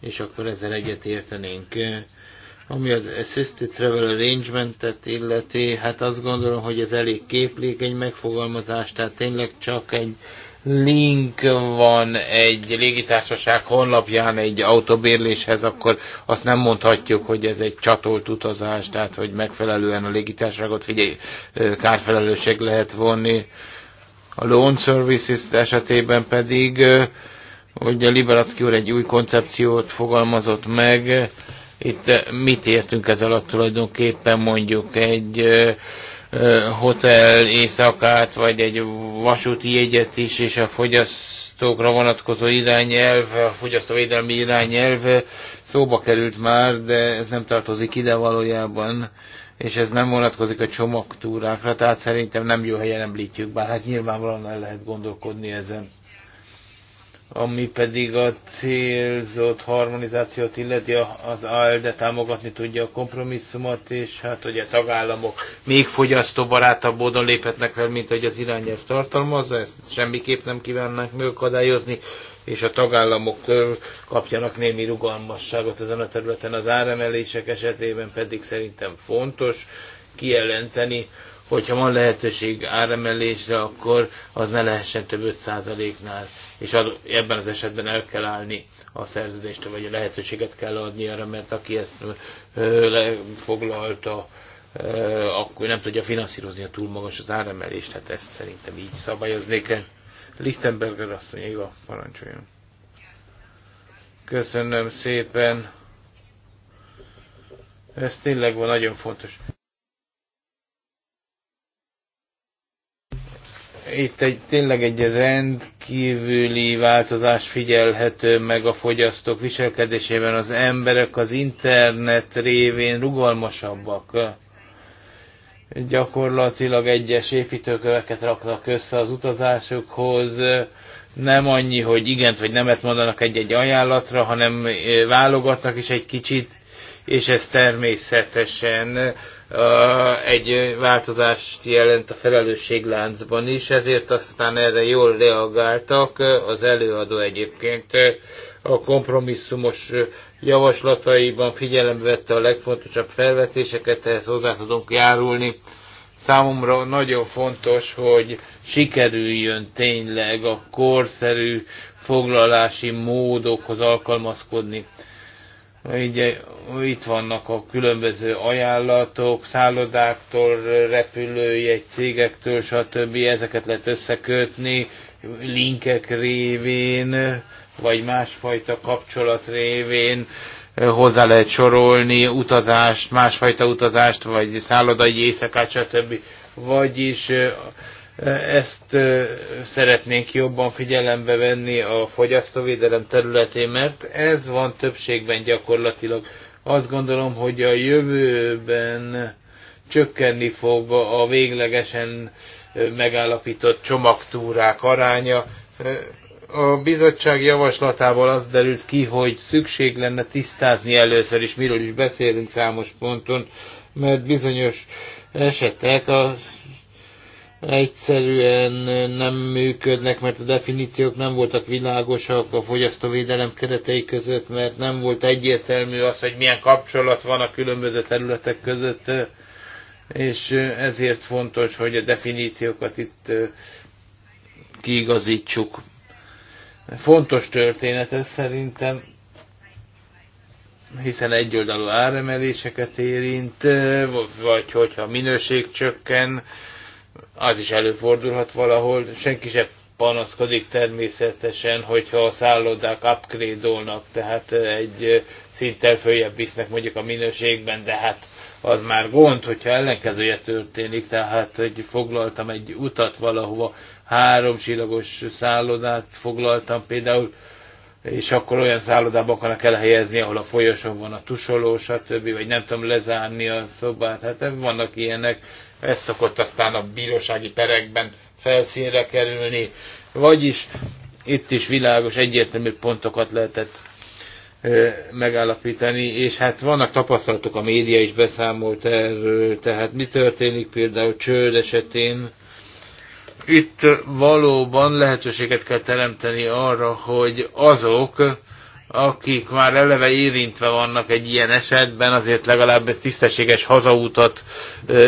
és akkor ezzel egyet értenénk. Ami az Assisted Travel Arrangement-et illeti, hát azt gondolom, hogy ez elég képlékeny megfogalmazás, tehát tényleg csak egy link van egy légitársaság honlapján egy autóbérléshez, akkor azt nem mondhatjuk, hogy ez egy csatolt utazás, tehát hogy megfelelően a légitársaságot figyelj, kárfelelősség lehet vonni. A loan services esetében pedig ugye Liberacki úr egy új koncepciót fogalmazott meg, itt mit értünk ez alatt tulajdonképpen mondjuk egy hotel éjszakát, vagy egy vasúti jegyet is, és a fogyasztókra vonatkozó irányelv, a fogyasztóvédelmi irányelv szóba került már, de ez nem tartozik ide valójában, és ez nem vonatkozik a csomagtúrákra, tehát szerintem nem jó helyen említjük, bár hát nyilvánvalóan el lehet gondolkodni ezen ami pedig a célzott harmonizációt illeti, az ALDE támogatni tudja a kompromisszumot, és hát hogy a tagállamok még fogyasztóbarátabb módon léphetnek fel, mint hogy az irányelv tartalmazza, ezt semmiképp nem kívánnak megakadályozni, és a tagállamok kapjanak némi rugalmasságot ezen a területen. Az áremelések esetében pedig szerintem fontos kijelenteni, hogyha van lehetőség áremelésre, akkor az ne lehessen több 5%-nál, és az, ebben az esetben el kell állni a szerződést, vagy a lehetőséget kell adni arra, mert aki ezt lefoglalta, akkor nem tudja finanszírozni, a túl magas az áremelést, tehát ezt szerintem így szabályozni kell. Lichtenberger asszony, Éva, parancsoljon. Köszönöm szépen. Ez tényleg van, nagyon fontos. itt egy, tényleg egy rendkívüli változás figyelhető meg a fogyasztók viselkedésében. Az emberek az internet révén rugalmasabbak. Gyakorlatilag egyes építőköveket raknak össze az utazásukhoz. Nem annyi, hogy igent vagy nemet mondanak egy-egy ajánlatra, hanem eh, válogatnak is egy kicsit, és ez természetesen egy változást jelent a felelősségláncban is, ezért aztán erre jól reagáltak az előadó egyébként a kompromisszumos javaslataiban figyelembe vette a legfontosabb felvetéseket, ehhez hozzá tudunk járulni. Számomra nagyon fontos, hogy sikerüljön tényleg a korszerű foglalási módokhoz alkalmazkodni Ugye, itt vannak a különböző ajánlatok, szállodáktól, repülőjegy cégektől, stb. Ezeket lehet összekötni linkek révén, vagy másfajta kapcsolat révén hozzá lehet sorolni utazást, másfajta utazást, vagy szállodai éjszakát, stb. Vagyis ezt szeretnénk jobban figyelembe venni a fogyasztóvédelem területén, mert ez van többségben gyakorlatilag. Azt gondolom, hogy a jövőben csökkenni fog a véglegesen megállapított csomagtúrák aránya. A bizottság javaslatából az derült ki, hogy szükség lenne tisztázni először is, miről is beszélünk számos ponton, mert bizonyos esetek a egyszerűen nem működnek, mert a definíciók nem voltak világosak a fogyasztóvédelem keretei között, mert nem volt egyértelmű az, hogy milyen kapcsolat van a különböző területek között, és ezért fontos, hogy a definíciókat itt kiigazítsuk. Fontos történet ez szerintem, hiszen egyoldalú áremeléseket érint, vagy hogyha minőség csökken, az is előfordulhat valahol, senki sem panaszkodik természetesen, hogyha a szállodák upgrade tehát egy szinttel följebb visznek mondjuk a minőségben, de hát az már gond, hogyha ellenkezője történik, tehát hogy foglaltam egy utat valahova, három csillagos szállodát foglaltam például, és akkor olyan szállodába akarnak elhelyezni, ahol a folyosón van a tusoló, stb., vagy nem tudom lezárni a szobát, hát vannak ilyenek, ez szokott aztán a bírósági perekben felszínre kerülni, vagyis itt is világos, egyértelmű pontokat lehetett megállapítani, és hát vannak tapasztalatok, a média is beszámolt erről, tehát mi történik például csőd esetén. Itt valóban lehetőséget kell teremteni arra, hogy azok, akik már eleve érintve vannak egy ilyen esetben, azért legalább tisztességes hazautat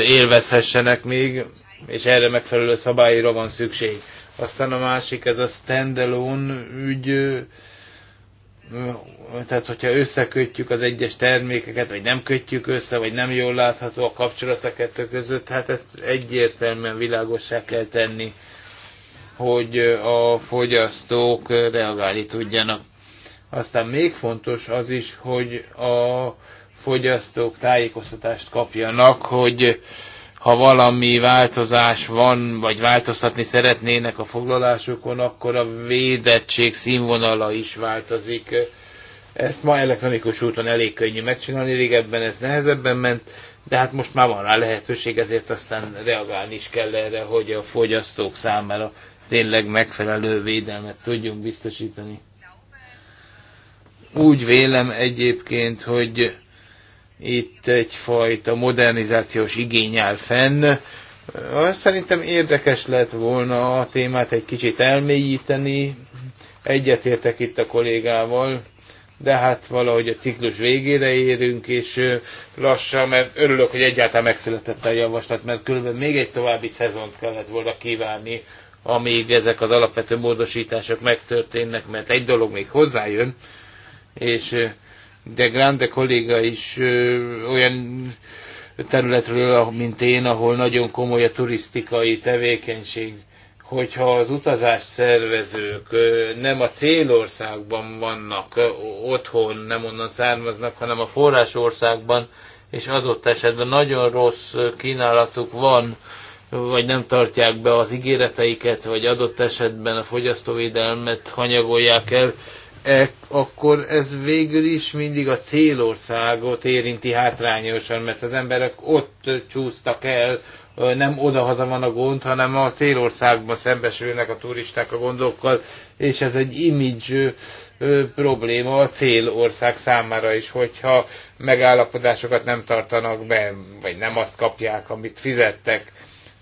élvezhessenek még, és erre megfelelő szabályra van szükség. Aztán a másik, ez a standalone ügy, tehát hogyha összekötjük az egyes termékeket, vagy nem kötjük össze, vagy nem jól látható a kapcsolat a kettő között, hát ezt egyértelműen világosá kell tenni, hogy a fogyasztók reagálni tudjanak. Aztán még fontos az is, hogy a fogyasztók tájékoztatást kapjanak, hogy ha valami változás van, vagy változtatni szeretnének a foglalásokon, akkor a védettség színvonala is változik. Ezt ma elektronikus úton elég könnyű megcsinálni, régebben ez nehezebben ment, de hát most már van rá lehetőség, ezért aztán reagálni is kell erre, hogy a fogyasztók számára tényleg megfelelő védelmet tudjunk biztosítani. Úgy vélem egyébként, hogy itt egyfajta modernizációs igény áll fenn. Szerintem érdekes lett volna a témát egy kicsit elmélyíteni. Egyetértek itt a kollégával, de hát valahogy a ciklus végére érünk, és lassan, mert örülök, hogy egyáltalán megszületett a javaslat, mert különben még egy további szezont kellett volna kívánni, amíg ezek az alapvető módosítások megtörténnek, mert egy dolog még hozzájön, és de Grande kolléga is olyan területről, mint én, ahol nagyon komoly a turisztikai tevékenység. Hogyha az utazás szervezők nem a célországban vannak otthon, nem onnan származnak, hanem a forrásországban, és adott esetben nagyon rossz kínálatuk van, vagy nem tartják be az ígéreteiket, vagy adott esetben a fogyasztóvédelmet hanyagolják el, e, akkor ez végül is mindig a célországot érinti hátrányosan, mert az emberek ott csúsztak el, nem odahaza van a gond, hanem a célországban szembesülnek a turisták a gondokkal, és ez egy image probléma a célország számára is, hogyha megállapodásokat nem tartanak be, vagy nem azt kapják, amit fizettek.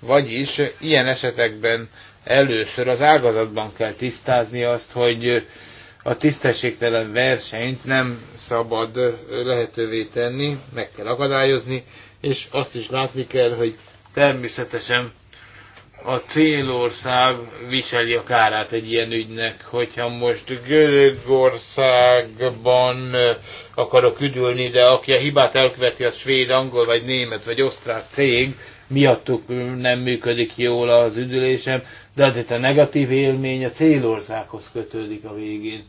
Vagyis ilyen esetekben először az ágazatban kell tisztázni azt, hogy a tisztességtelen versenyt nem szabad lehetővé tenni, meg kell akadályozni, és azt is látni kell, hogy természetesen a célország viseli a kárát egy ilyen ügynek, hogyha most Görögországban akarok üdülni, de aki a hibát elköveti, az svéd, angol, vagy német, vagy osztrák cég, miattuk nem működik jól az üdülésem, de azért a negatív élmény a célországhoz kötődik a végén.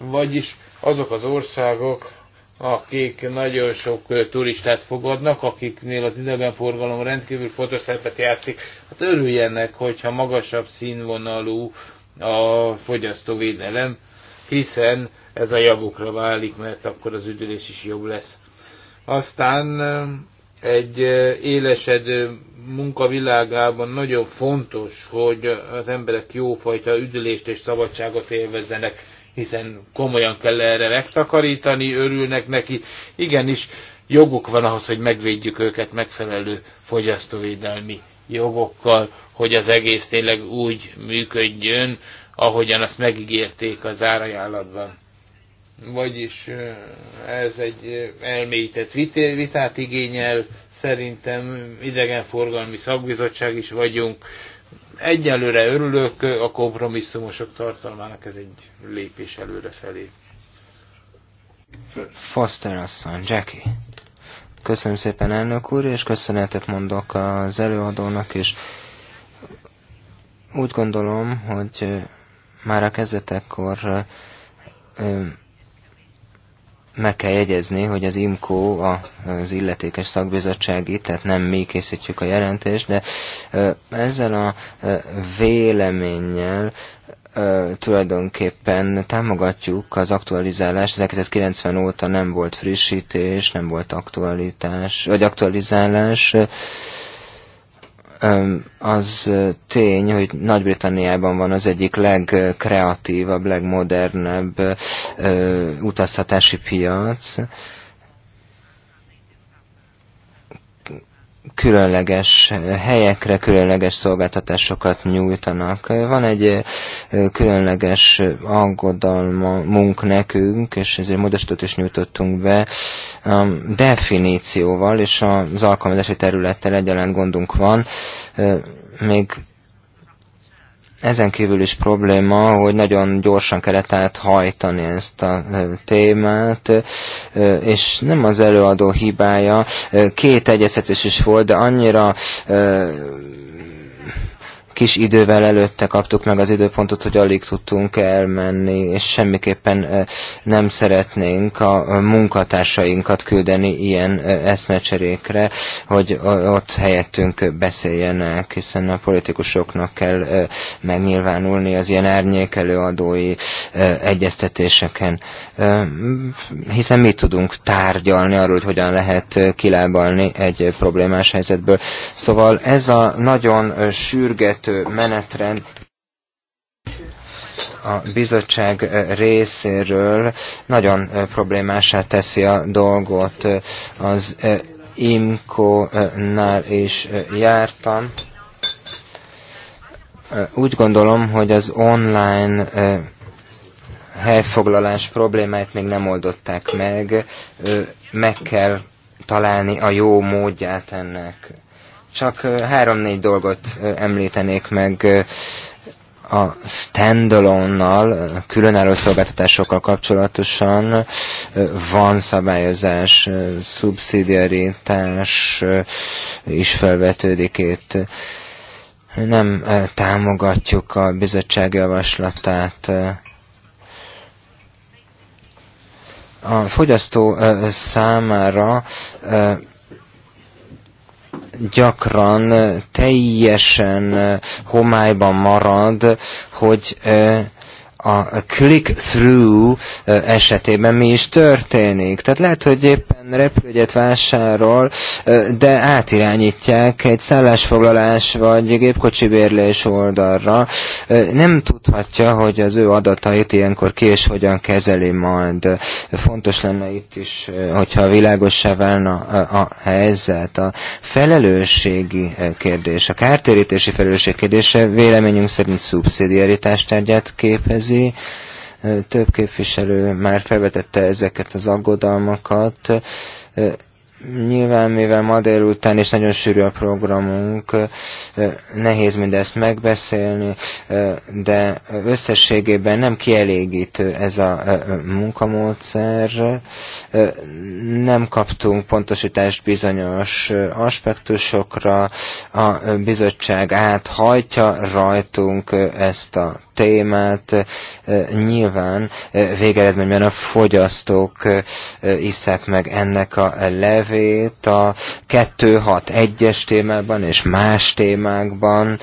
Vagyis azok az országok, akik nagyon sok turistát fogadnak, akiknél az idegenforgalom rendkívül fontos szerepet játszik, hát örüljenek, hogyha magasabb színvonalú a fogyasztóvédelem, hiszen ez a javukra válik, mert akkor az üdülés is jobb lesz. Aztán egy élesedő munkavilágában nagyon fontos, hogy az emberek jófajta üdülést és szabadságot élvezzenek, hiszen komolyan kell erre megtakarítani, örülnek neki. Igenis, joguk van ahhoz, hogy megvédjük őket megfelelő fogyasztóvédelmi jogokkal, hogy az egész tényleg úgy működjön, ahogyan azt megígérték az árajánlatban. Vagyis ez egy elmélyített vitát igényel, szerintem idegenforgalmi szakbizottság is vagyunk. Egyelőre örülök a kompromisszumosok tartalmának, ez egy lépés előre felé. Foster asszony, Jackie. Köszönöm szépen elnök úr, és köszönetet mondok az előadónak is. Úgy gondolom, hogy már a kezdetekkor meg kell jegyezni, hogy az IMCO az illetékes szakbizottsági, tehát nem mi készítjük a jelentést, de ezzel a véleménnyel tulajdonképpen támogatjuk az aktualizálást. 1990 óta nem volt frissítés, nem volt aktualitás, vagy aktualizálás az tény, hogy Nagy-Britanniában van az egyik legkreatívabb, legmodernebb utaztatási piac, különleges helyekre különleges szolgáltatásokat nyújtanak. Van egy különleges aggodalmunk nekünk, és ezért módosítót is nyújtottunk be, a definícióval és az alkalmazási területtel egyaránt gondunk van, még ezen kívül is probléma, hogy nagyon gyorsan kellett áthajtani ezt a témát, és nem az előadó hibája. Két egyeztetés is volt, de annyira kis idővel előtte kaptuk meg az időpontot, hogy alig tudtunk elmenni, és semmiképpen nem szeretnénk a munkatársainkat küldeni ilyen eszmecserékre, hogy ott helyettünk beszéljenek, hiszen a politikusoknak kell megnyilvánulni az ilyen árnyékelőadói egyeztetéseken. Hiszen mi tudunk tárgyalni arról, hogy hogyan lehet kilábalni egy problémás helyzetből. Szóval ez a nagyon sürgető követő menetrend a bizottság részéről nagyon eh, problémásá teszi a dolgot. Az eh, IMCO-nál is eh, jártam. Úgy gondolom, hogy az online helyfoglalás problémáit még nem oldották meg. Meg kell találni a jó módját ennek. Csak három-négy dolgot említenék meg a standalone-nal, különálló szolgáltatásokkal kapcsolatosan van szabályozás, szubszidiaritás is felvetődik itt. Nem támogatjuk a bizottság javaslatát a fogyasztó számára gyakran eh, teljesen eh, homályban marad, hogy eh, a click-through eh, esetében mi is történik. Tehát lehet, hogy éppen repülőgyet vásárol, eh, de átirányítják egy szállásfoglalás vagy bérlés oldalra. Eh, nem tudhatja, hogy az ő adatait ilyenkor ki és hogyan kezeli majd. Fontos lenne itt is, hogyha világossá válna a helyzet. A felelősségi kérdés, a kártérítési felelősség kérdése véleményünk szerint szubszidiaritást tárgyát képez közé. Több képviselő már felvetette ezeket az aggodalmakat. Nyilván, mivel ma délután is nagyon sűrű a programunk, nehéz mindezt megbeszélni, de összességében nem kielégítő ez a munkamódszer. Nem kaptunk pontosítást bizonyos aspektusokra, a bizottság áthajtja rajtunk ezt a témát. Nyilván végeredményben a fogyasztók iszák meg ennek a levét a 2-6-1-es témában és más témákban.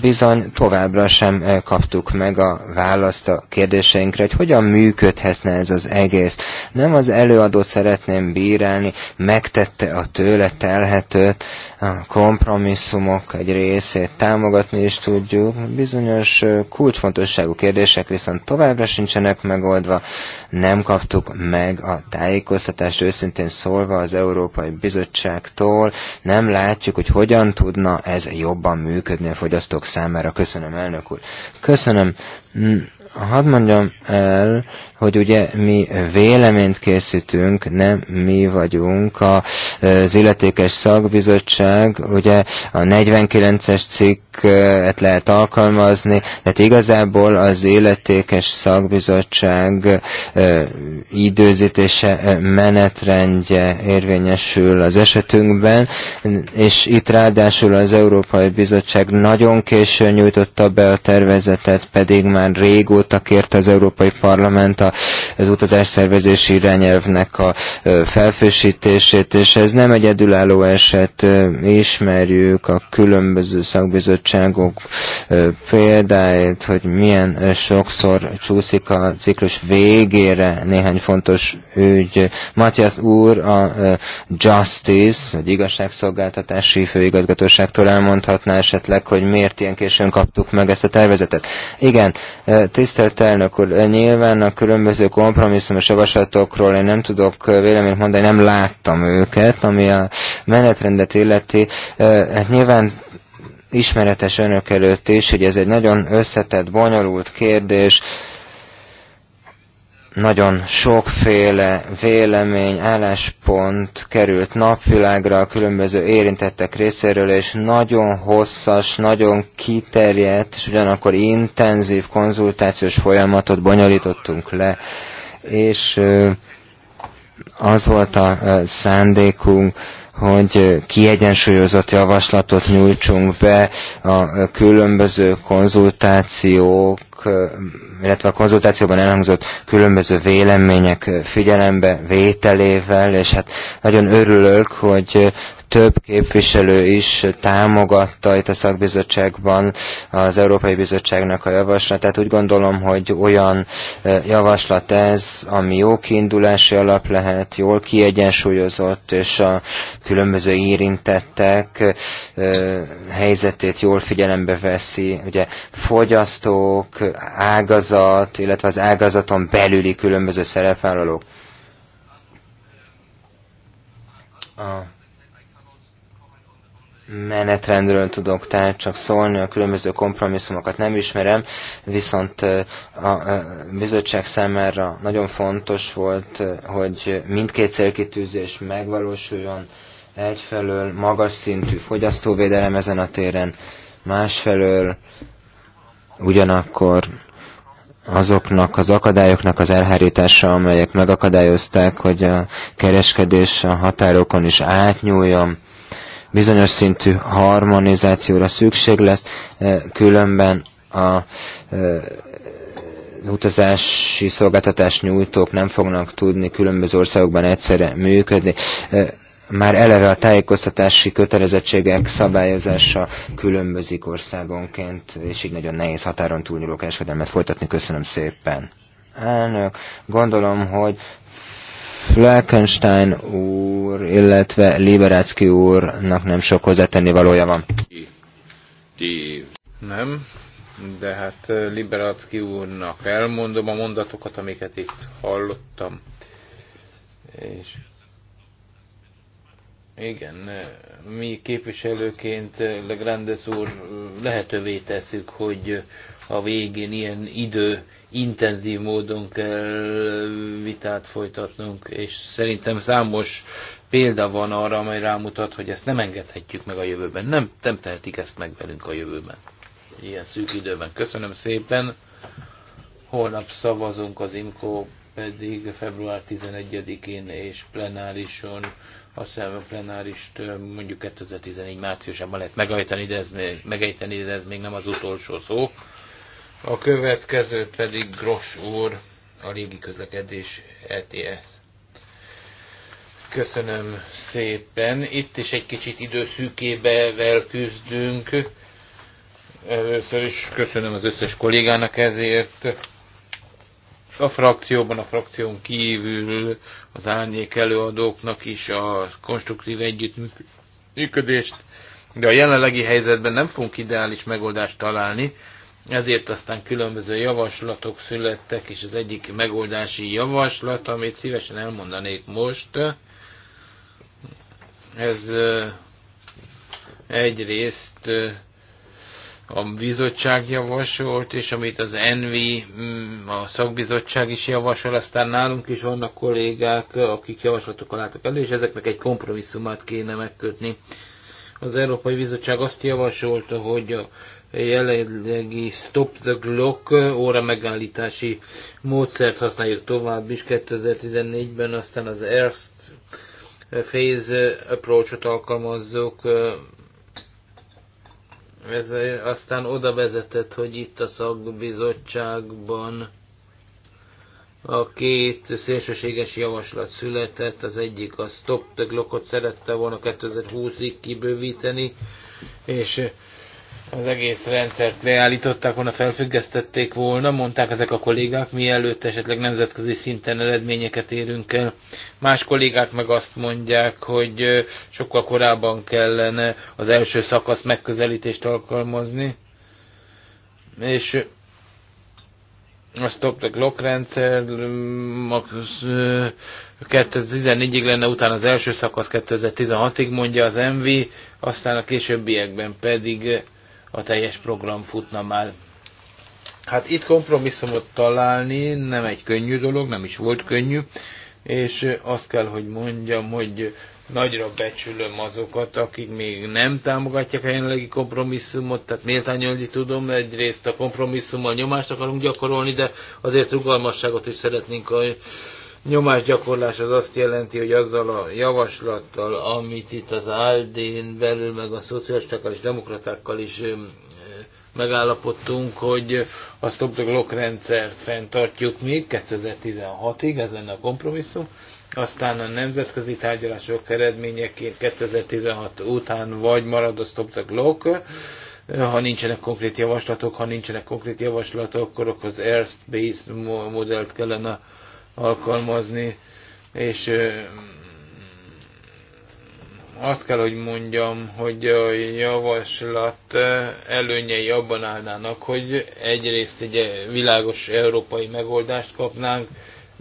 Bizony továbbra sem kaptuk meg a választ a kérdéseinkre, hogy hogyan működhetne ez az egész. Nem az előadót szeretném bírálni, megtette a tőle telhetőt, a kompromisszumok egy részét támogatni is tudjuk, bizonyos kulcsfontosságú kérdések viszont továbbra sincsenek megoldva, nem kaptuk meg a tájékoztatást őszintén szólva az Európai Bizottságtól, nem látjuk, hogy hogyan tudna ez jobban működni a fogyasztók számára. Köszönöm, elnök úr. Köszönöm. Hm, hadd mondjam el, hogy ugye mi véleményt készítünk, nem mi vagyunk az illetékes szakbizottság, ugye a 49-es cikket lehet alkalmazni, tehát igazából az illetékes szakbizottság időzítése, menetrendje érvényesül az esetünkben, és itt ráadásul az Európai Bizottság nagyon későn nyújtotta be a tervezetet, pedig már régóta kérte az Európai Parlament a az utazásszervezési irányelvnek a felfősítését, és ez nem egyedülálló eset, ismerjük a különböző szakbizottságok példáit, hogy milyen sokszor csúszik a ciklus végére néhány fontos ügy. Matthias úr a Justice, vagy igazságszolgáltatási főigazgatóságtól elmondhatná esetleg, hogy miért ilyen későn kaptuk meg ezt a tervezetet. Igen, tisztelt elnök úr, nyilván a különböző különböző kompromisszumos javaslatokról én nem tudok véleményt mondani, nem láttam őket, ami a menetrendet illeti. Hát nyilván ismeretes önök előtt is, hogy ez egy nagyon összetett, bonyolult kérdés, nagyon sokféle vélemény, álláspont került napvilágra a különböző érintettek részéről, és nagyon hosszas, nagyon kiterjedt, és ugyanakkor intenzív konzultációs folyamatot bonyolítottunk le, és az volt a szándékunk, hogy kiegyensúlyozott javaslatot nyújtsunk be a különböző konzultációk illetve a konzultációban elhangzott különböző vélemények figyelembe vételével, és hát nagyon örülök, hogy több képviselő is támogatta itt a szakbizottságban az Európai Bizottságnak a javaslatát. Úgy gondolom, hogy olyan e, javaslat ez, ami jó kiindulási alap lehet, jól kiegyensúlyozott, és a különböző érintettek e, helyzetét jól figyelembe veszi. Ugye fogyasztók, ágazat, illetve az ágazaton belüli különböző szerepvállalók. A menetrendről tudok tehát csak szólni, a különböző kompromisszumokat nem ismerem, viszont a bizottság számára nagyon fontos volt, hogy mindkét célkitűzés megvalósuljon, egyfelől magas szintű fogyasztóvédelem ezen a téren, másfelől ugyanakkor azoknak az akadályoknak az elhárítása, amelyek megakadályozták, hogy a kereskedés a határokon is átnyúljon, bizonyos szintű harmonizációra szükség lesz, e, különben a e, utazási szolgáltatás nyújtók nem fognak tudni különböző országokban egyszerre működni. E, már eleve a tájékoztatási kötelezettségek szabályozása különbözik országonként, és így nagyon nehéz határon túlnyúló kereskedelmet folytatni. Köszönöm szépen! elnök. Gondolom, hogy Fleckenstein úr, illetve Liberácki úrnak nem sok hozzátenni valója van. Nem, de hát eh, Liberácki úrnak elmondom a mondatokat, amiket itt hallottam. És igen, mi képviselőként Legrandes úr lehetővé tesszük, hogy a végén ilyen idő intenzív módon kell vitát folytatnunk, és szerintem számos példa van arra, amely rámutat, hogy ezt nem engedhetjük meg a jövőben. Nem, nem tehetik ezt meg velünk a jövőben. Ilyen szűk időben. Köszönöm szépen. Holnap szavazunk az IMCO pedig február 11-én és plenárison azt hiszem a plenárist mondjuk 2014 márciusában lehet megejteni, de ez még, megejteni, de ez még nem az utolsó szó. A következő pedig Gros úr, a régi közlekedés ETS. Köszönöm szépen. Itt is egy kicsit időszűkébevel küzdünk. Először is köszönöm az összes kollégának ezért a frakcióban, a frakción kívül az árnyék előadóknak is a konstruktív együttműködést, de a jelenlegi helyzetben nem fogunk ideális megoldást találni, ezért aztán különböző javaslatok születtek, és az egyik megoldási javaslat, amit szívesen elmondanék most, ez egyrészt a bizottság javasolt, és amit az ENVI, mm, a szakbizottság is javasol, aztán nálunk is vannak kollégák, akik javaslatokkal látok elő, és ezeknek egy kompromisszumát kéne megkötni. Az Európai Bizottság azt javasolta, hogy a jelenlegi Stop the Glock óra megállítási módszert használjuk tovább is 2014-ben, aztán az Erst phase approachot alkalmazzuk ez aztán oda vezetett, hogy itt a szakbizottságban a két szélsőséges javaslat született, az egyik a Stop the szerette volna 2020-ig kibővíteni, és az egész rendszert leállították volna, felfüggesztették volna, mondták ezek a kollégák, mielőtt esetleg nemzetközi szinten eredményeket érünk el. Más kollégák meg azt mondják, hogy sokkal korábban kellene az első szakasz megközelítést alkalmazni, és a stop the clock rendszer 2014-ig lenne, utána az első szakasz 2016-ig mondja az MV, aztán a későbbiekben pedig a teljes program futna már. Hát itt kompromisszumot találni nem egy könnyű dolog, nem is volt könnyű, és azt kell, hogy mondjam, hogy nagyra becsülöm azokat, akik még nem támogatják a jelenlegi kompromisszumot, tehát méltányolni tudom, egyrészt a kompromisszummal nyomást akarunk gyakorolni, de azért rugalmasságot is szeretnénk nyomásgyakorlás az azt jelenti, hogy azzal a javaslattal, amit itt az Aldén belül, meg a szocialistákkal és demokratákkal is megállapodtunk, hogy a stop the clock rendszert fenntartjuk még 2016-ig, ez lenne a kompromisszum, aztán a nemzetközi tárgyalások eredményeként 2016 után vagy marad a stop the clock, ha nincsenek konkrét javaslatok, ha nincsenek konkrét javaslatok, akkor az erst-based modellt kellene alkalmazni, és mm, azt kell, hogy mondjam, hogy a javaslat előnyei abban állnának, hogy egyrészt egy világos európai megoldást kapnánk,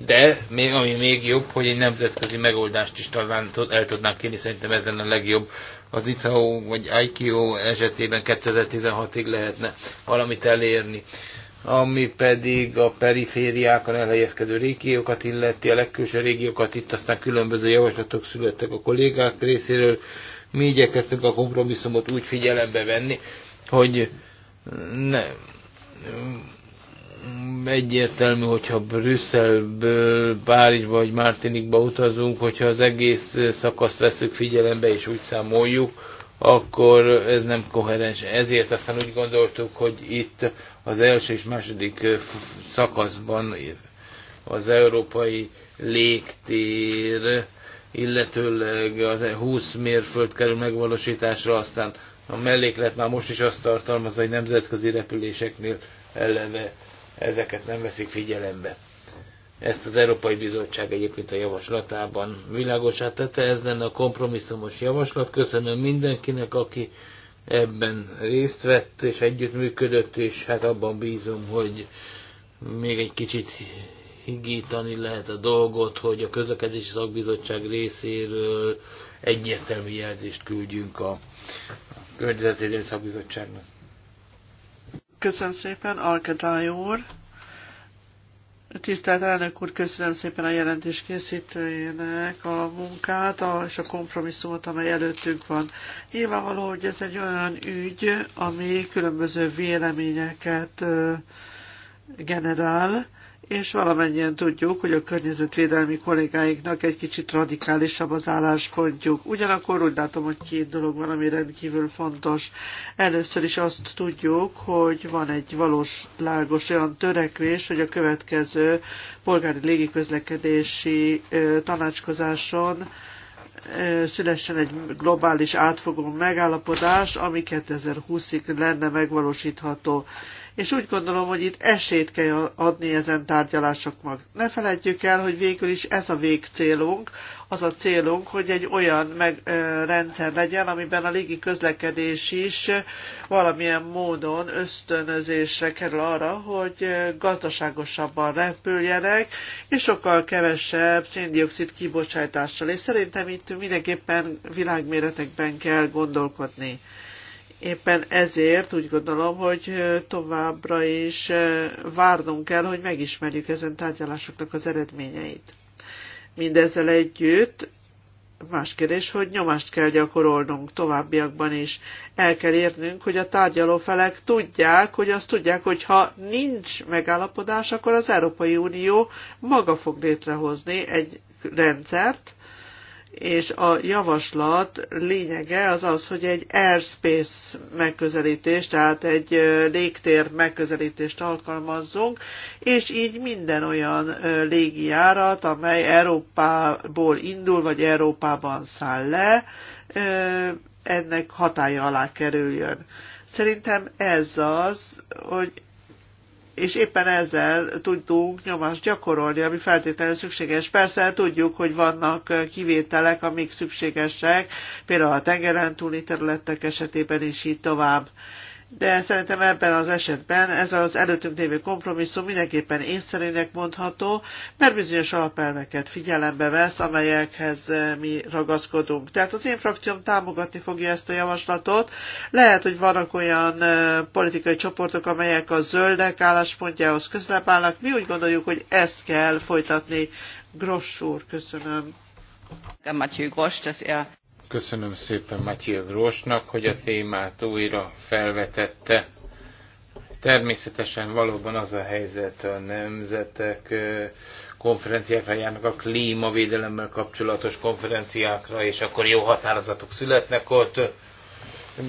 de még, ami még jobb, hogy egy nemzetközi megoldást is talán el tudnánk kérni, szerintem ez lenne a legjobb. Az ICAO vagy IKO esetében 2016-ig lehetne valamit elérni ami pedig a perifériákon elhelyezkedő régiókat illeti, a legkülső régiókat itt aztán különböző javaslatok születtek a kollégák részéről. Mi igyekeztünk a kompromisszumot úgy figyelembe venni, hogy ne, egyértelmű, hogyha Brüsszelből Párizsba vagy Mártinikba utazunk, hogyha az egész szakaszt veszük figyelembe és úgy számoljuk, akkor ez nem koherens. Ezért aztán úgy gondoltuk, hogy itt az első és második szakaszban az európai légtér, illetőleg az 20 mérföld kerül megvalósításra, aztán a melléklet már most is azt tartalmazza, hogy nemzetközi repüléseknél eleve ezeket nem veszik figyelembe. Ezt az Európai Bizottság egyébként a javaslatában világosá tette, ez lenne a kompromisszumos javaslat. Köszönöm mindenkinek, aki ebben részt vett és együttműködött, és hát abban bízom, hogy még egy kicsit higítani lehet a dolgot, hogy a közlekedési szakbizottság részéről egyértelmű jelzést küldjünk a környezetvédelmi szakbizottságnak. Köszönöm szépen, Alkedráj úr! Tisztelt elnök úr, köszönöm szépen a jelentés készítőjének a munkát a, és a kompromisszumot, amely előttünk van. Nyilvánvaló, hogy ez egy olyan ügy, ami különböző véleményeket generál, és valamennyien tudjuk, hogy a környezetvédelmi kollégáinknak egy kicsit radikálisabb az álláspontjuk. Ugyanakkor úgy látom, hogy két dolog van, ami rendkívül fontos. Először is azt tudjuk, hogy van egy valós lágos olyan törekvés, hogy a következő polgári légiközlekedési tanácskozáson szülessen egy globális átfogó megállapodás, ami 2020-ig lenne megvalósítható és úgy gondolom, hogy itt esélyt kell adni ezen tárgyalásoknak. Ne feledjük el, hogy végül is ez a végcélunk, az a célunk, hogy egy olyan meg, ö, rendszer legyen, amiben a légi közlekedés is valamilyen módon ösztönözésre kerül arra, hogy gazdaságosabban repüljenek, és sokkal kevesebb széndiokszid kibocsátással. És szerintem itt mindenképpen világméretekben kell gondolkodni. Éppen ezért úgy gondolom, hogy továbbra is várnunk kell, hogy megismerjük ezen tárgyalásoknak az eredményeit. Mindezzel együtt más kérdés, hogy nyomást kell gyakorolnunk továbbiakban is. El kell érnünk, hogy a tárgyalófelek tudják, hogy azt tudják, hogy ha nincs megállapodás, akkor az Európai Unió maga fog létrehozni egy rendszert, és a javaslat lényege az az, hogy egy airspace megközelítés, tehát egy légtér megközelítést alkalmazzunk, és így minden olyan légijárat, amely Európából indul, vagy Európában száll le, ennek hatája alá kerüljön. Szerintem ez az, hogy és éppen ezzel tudtunk nyomást gyakorolni, ami feltétlenül szükséges. Persze tudjuk, hogy vannak kivételek, amik szükségesek, például a tengeren túli területek esetében is így tovább de szerintem ebben az esetben ez az előttünk lévő kompromisszum mindenképpen észszerűnek mondható, mert bizonyos alapelveket figyelembe vesz, amelyekhez eh, mi ragaszkodunk. Tehát az én frakcióm támogatni fogja ezt a javaslatot. Lehet, hogy vannak olyan eh, politikai csoportok, amelyek a zöldek álláspontjához közelebb állnak. Mi úgy gondoljuk, hogy ezt kell folytatni. Gross úr, köszönöm. Matthew Gross, dass er Köszönöm szépen Matyi Grósnak, hogy a témát újra felvetette. Természetesen valóban az a helyzet, a nemzetek konferenciákra járnak, a klímavédelemmel kapcsolatos konferenciákra, és akkor jó határozatok születnek ott,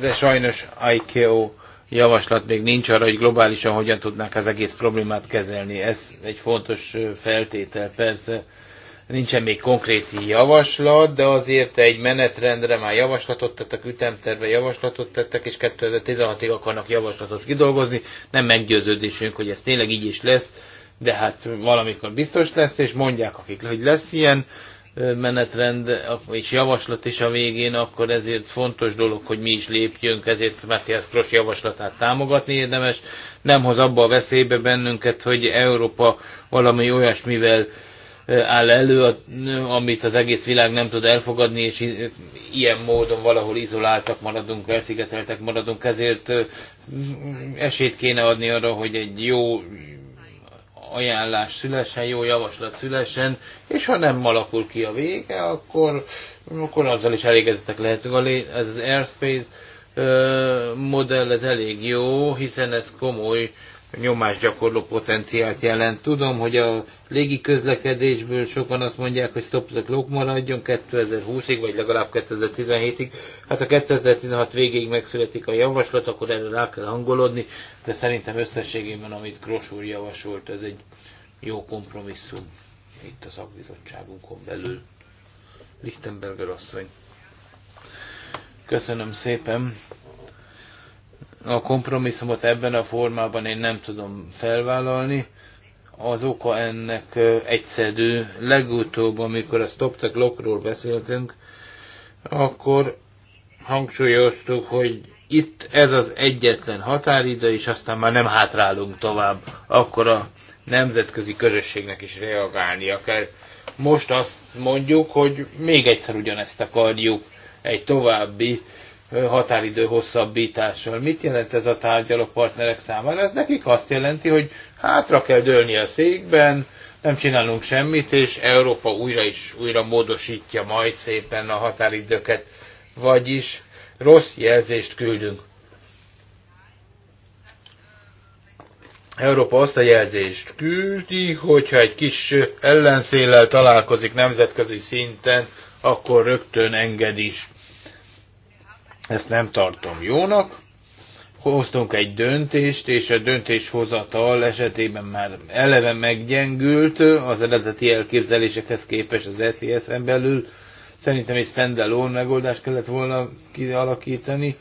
de sajnos ICAO javaslat még nincs arra, hogy globálisan hogyan tudnák az egész problémát kezelni. Ez egy fontos feltétel persze. Nincsen még konkrét javaslat, de azért egy menetrendre már javaslatot tettek, ütemterve javaslatot tettek, és 2016-ig akarnak javaslatot kidolgozni. Nem meggyőződésünk, hogy ez tényleg így is lesz, de hát valamikor biztos lesz, és mondják akik, hogy lesz ilyen menetrend és javaslat is a végén, akkor ezért fontos dolog, hogy mi is lépjünk, ezért Matthias Kross javaslatát támogatni érdemes. Nem hoz abba a veszélybe bennünket, hogy Európa valami olyasmivel áll elő, amit az egész világ nem tud elfogadni, és ilyen módon valahol izoláltak maradunk, elszigeteltek maradunk, ezért esélyt kéne adni arra, hogy egy jó ajánlás szülessen, jó javaslat szülessen, és ha nem alakul ki a vége, akkor, akkor azzal is elégedettek lehetünk. Ez az airspace modell, ez elég jó, hiszen ez komoly nyomásgyakorló potenciált jelent. Tudom, hogy a légi közlekedésből sokan azt mondják, hogy stop the clock maradjon 2020-ig, vagy legalább 2017-ig. Hát a 2016 végéig megszületik a javaslat, akkor erre rá kell hangolodni, de szerintem összességében, amit Gross úr javasolt, ez egy jó kompromisszum itt a szakbizottságunkon belül. Lichtenberger asszony. Köszönöm szépen. A kompromisszumot ebben a formában én nem tudom felvállalni. Az oka ennek egyszerű. Legutóbb, amikor a Stop the Clockról beszéltünk, akkor hangsúlyoztuk, hogy itt ez az egyetlen határidő, és aztán már nem hátrálunk tovább. Akkor a nemzetközi közösségnek is reagálnia kell. Most azt mondjuk, hogy még egyszer ugyanezt akarjuk egy további határidő hosszabbítással. Mit jelent ez a tárgyaló partnerek számára? Ez nekik azt jelenti, hogy hátra kell dőlni a székben, nem csinálunk semmit, és Európa újra is újra módosítja majd szépen a határidőket. Vagyis rossz jelzést küldünk. Európa azt a jelzést küldi, hogyha egy kis ellenszéllel találkozik nemzetközi szinten, akkor rögtön enged is. Ezt nem tartom jónak. Hoztunk egy döntést, és a döntéshozatal esetében már eleve meggyengült az eredeti elképzelésekhez képest az ETS-en belül. Szerintem egy standalone megoldást kellett volna kialakítani,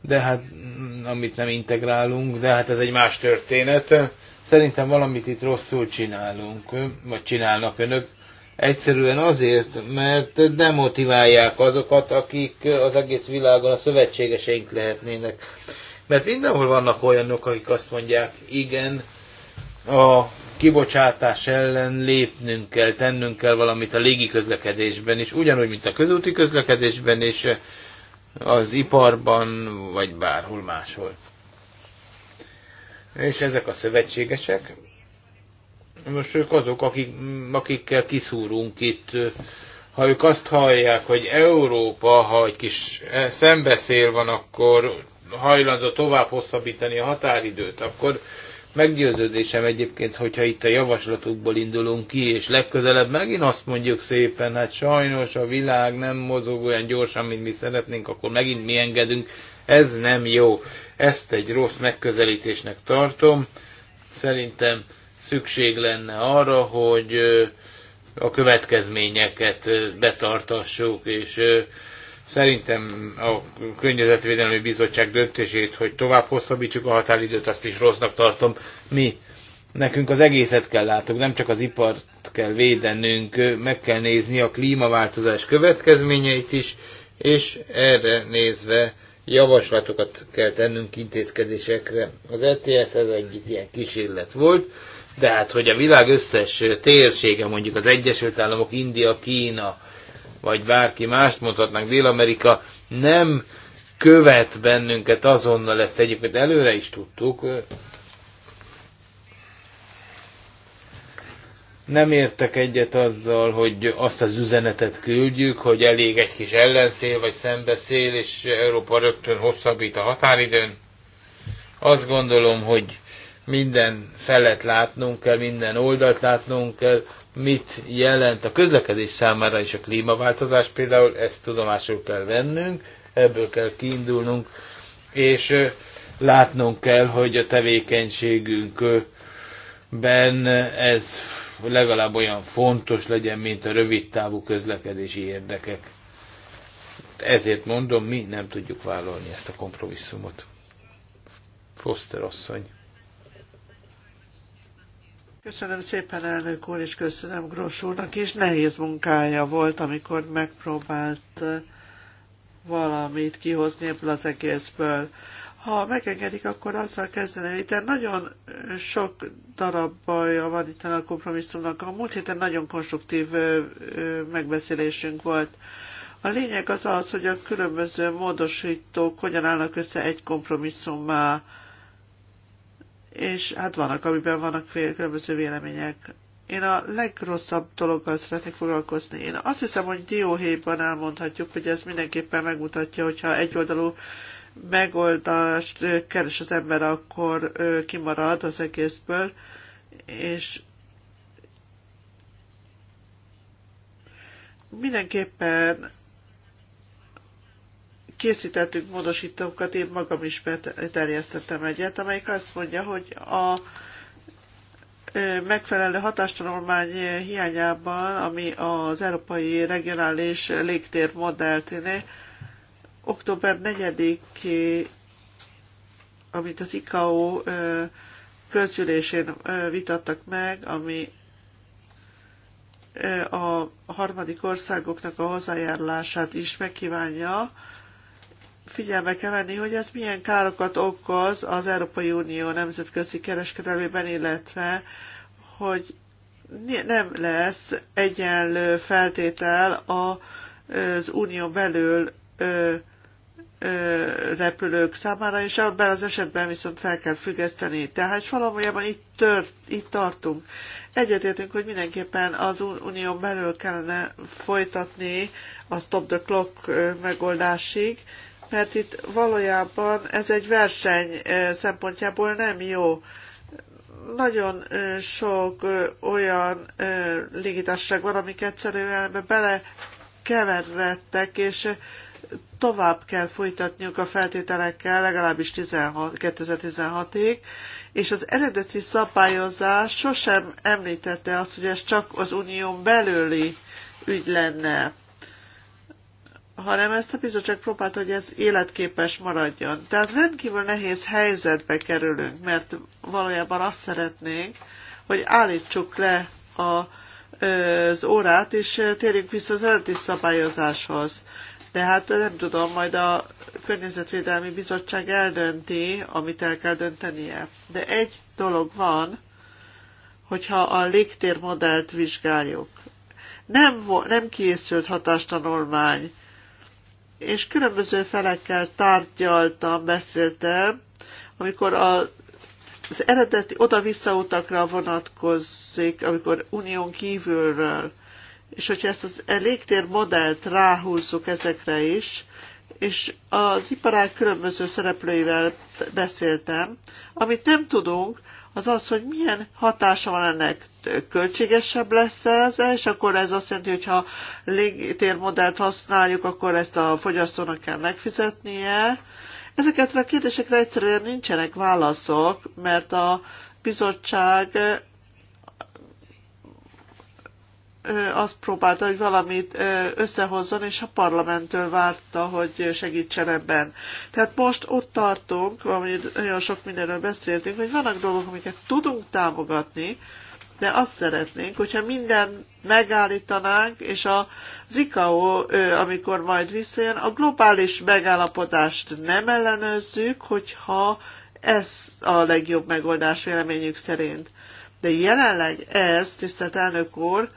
de hát mm, amit nem integrálunk, de hát ez egy más történet. Szerintem valamit itt rosszul csinálunk, vagy csinálnak önök. Egyszerűen azért, mert demotiválják azokat, akik az egész világon a szövetségeseink lehetnének. Mert mindenhol vannak olyanok, akik azt mondják, igen, a kibocsátás ellen lépnünk kell, tennünk kell valamit a légiközlekedésben is, ugyanúgy, mint a közúti közlekedésben és az iparban, vagy bárhol máshol. És ezek a szövetségesek most ők azok, akik, akikkel kiszúrunk itt, ha ők azt hallják, hogy Európa, ha egy kis eh, szembeszél van, akkor hajlandó tovább hosszabbítani a határidőt, akkor meggyőződésem egyébként, hogyha itt a javaslatukból indulunk ki, és legközelebb megint azt mondjuk szépen, hát sajnos a világ nem mozog olyan gyorsan, mint mi szeretnénk, akkor megint mi engedünk, ez nem jó. Ezt egy rossz megközelítésnek tartom. Szerintem szükség lenne arra, hogy a következményeket betartassuk, és szerintem a Környezetvédelmi Bizottság döntését, hogy tovább hosszabbítsuk a határidőt, azt is rossznak tartom. Mi nekünk az egészet kell látnunk, nem csak az ipart kell védenünk, meg kell nézni a klímaváltozás következményeit is, és erre nézve javaslatokat kell tennünk intézkedésekre. Az ETS ez egyik ilyen kísérlet volt, de hát, hogy a világ összes térsége, mondjuk az Egyesült Államok, India, Kína, vagy bárki mást mondhatnánk, Dél-Amerika nem követ bennünket azonnal, ezt egyébként előre is tudtuk. Nem értek egyet azzal, hogy azt az üzenetet küldjük, hogy elég egy kis ellenszél vagy szembeszél, és Európa rögtön hosszabbít a határidőn. Azt gondolom, hogy minden felet látnunk kell, minden oldalt látnunk kell, mit jelent a közlekedés számára is a klímaváltozás például, ezt tudomásul kell vennünk, ebből kell kiindulnunk, és látnunk kell, hogy a tevékenységünkben ez legalább olyan fontos legyen, mint a rövid távú közlekedési érdekek. Ezért mondom, mi nem tudjuk vállalni ezt a kompromisszumot. Foster asszony. Köszönöm szépen, elnök úr, és köszönöm Gross úrnak is. Nehéz munkája volt, amikor megpróbált eh, valamit kihozni ebből az egészből. Ha megengedik, akkor azzal kezdeném. Itt nagyon sok darab baja van itt a kompromisszumnak. A múlt héten nagyon konstruktív eh, eh, megbeszélésünk volt. A lényeg az az, hogy a különböző módosítók hogyan állnak össze egy kompromisszummal és hát vannak, amiben vannak különböző vélemények. Én a legrosszabb dologgal szeretnék foglalkozni. Én azt hiszem, hogy dióhéjban elmondhatjuk, hogy ez mindenképpen megmutatja, hogyha egyoldalú megoldást keres az ember, akkor kimarad az egészből, és mindenképpen készítettünk módosítókat, én magam is beterjesztettem egyet, amelyik azt mondja, hogy a megfelelő hatástanulmány hiányában, ami az Európai Regionális Légtér modellt október 4 amit az ICAO közgyűlésén vitattak meg, ami a harmadik országoknak a hozzájárulását is megkívánja, figyelme kell venni, hogy ez milyen károkat okoz az Európai Unió nemzetközi kereskedelmében, illetve hogy nem lesz egyenlő feltétel az unió belül repülők számára, és ebben az esetben viszont fel kell függeszteni. Tehát valójában itt, tört, itt tartunk. Egyetértünk, hogy mindenképpen az Unió belül kellene folytatni a stop the clock megoldásig, mert itt valójában ez egy verseny szempontjából nem jó. Nagyon sok olyan légitárság van, amik egyszerűen bele keveredtek, és tovább kell folytatniuk a feltételekkel legalábbis 16, 2016-ig, és az eredeti szabályozás sosem említette azt, hogy ez csak az unión belüli ügy lenne hanem ezt a bizottság próbált, hogy ez életképes maradjon. Tehát rendkívül nehéz helyzetbe kerülünk, mert valójában azt szeretnénk, hogy állítsuk le a, az órát, és térjünk vissza az eredeti szabályozáshoz. De hát nem tudom, majd a Környezetvédelmi Bizottság eldönti, amit el kell döntenie. De egy dolog van, hogyha a légtérmodellt vizsgáljuk. Nem, nem készült hatástanulmány és különböző felekkel tárgyaltam, beszéltem, amikor a, az eredeti oda-vissza utakra vonatkozik, amikor unión kívülről, és hogyha ezt az e légtér modellt ráhúzzuk ezekre is, és az iparág különböző szereplőivel beszéltem, amit nem tudunk, az az, hogy milyen hatása van ennek. Költségesebb lesz ez, és akkor ez azt jelenti, hogy ha légtérmodellt használjuk, akkor ezt a fogyasztónak kell megfizetnie. Ezeket a kérdésekre egyszerűen nincsenek válaszok, mert a bizottság azt próbálta, hogy valamit összehozzon, és a parlamenttől várta, hogy segítsen ebben. Tehát most ott tartunk, amit nagyon sok mindenről beszéltünk, hogy vannak dolgok, amiket tudunk támogatni, de azt szeretnénk, hogyha minden megállítanánk, és a ICAO, amikor majd visszajön, a globális megállapodást nem ellenőrzzük, hogyha ez a legjobb megoldás véleményük szerint. De jelenleg ez, tisztelt elnök úr,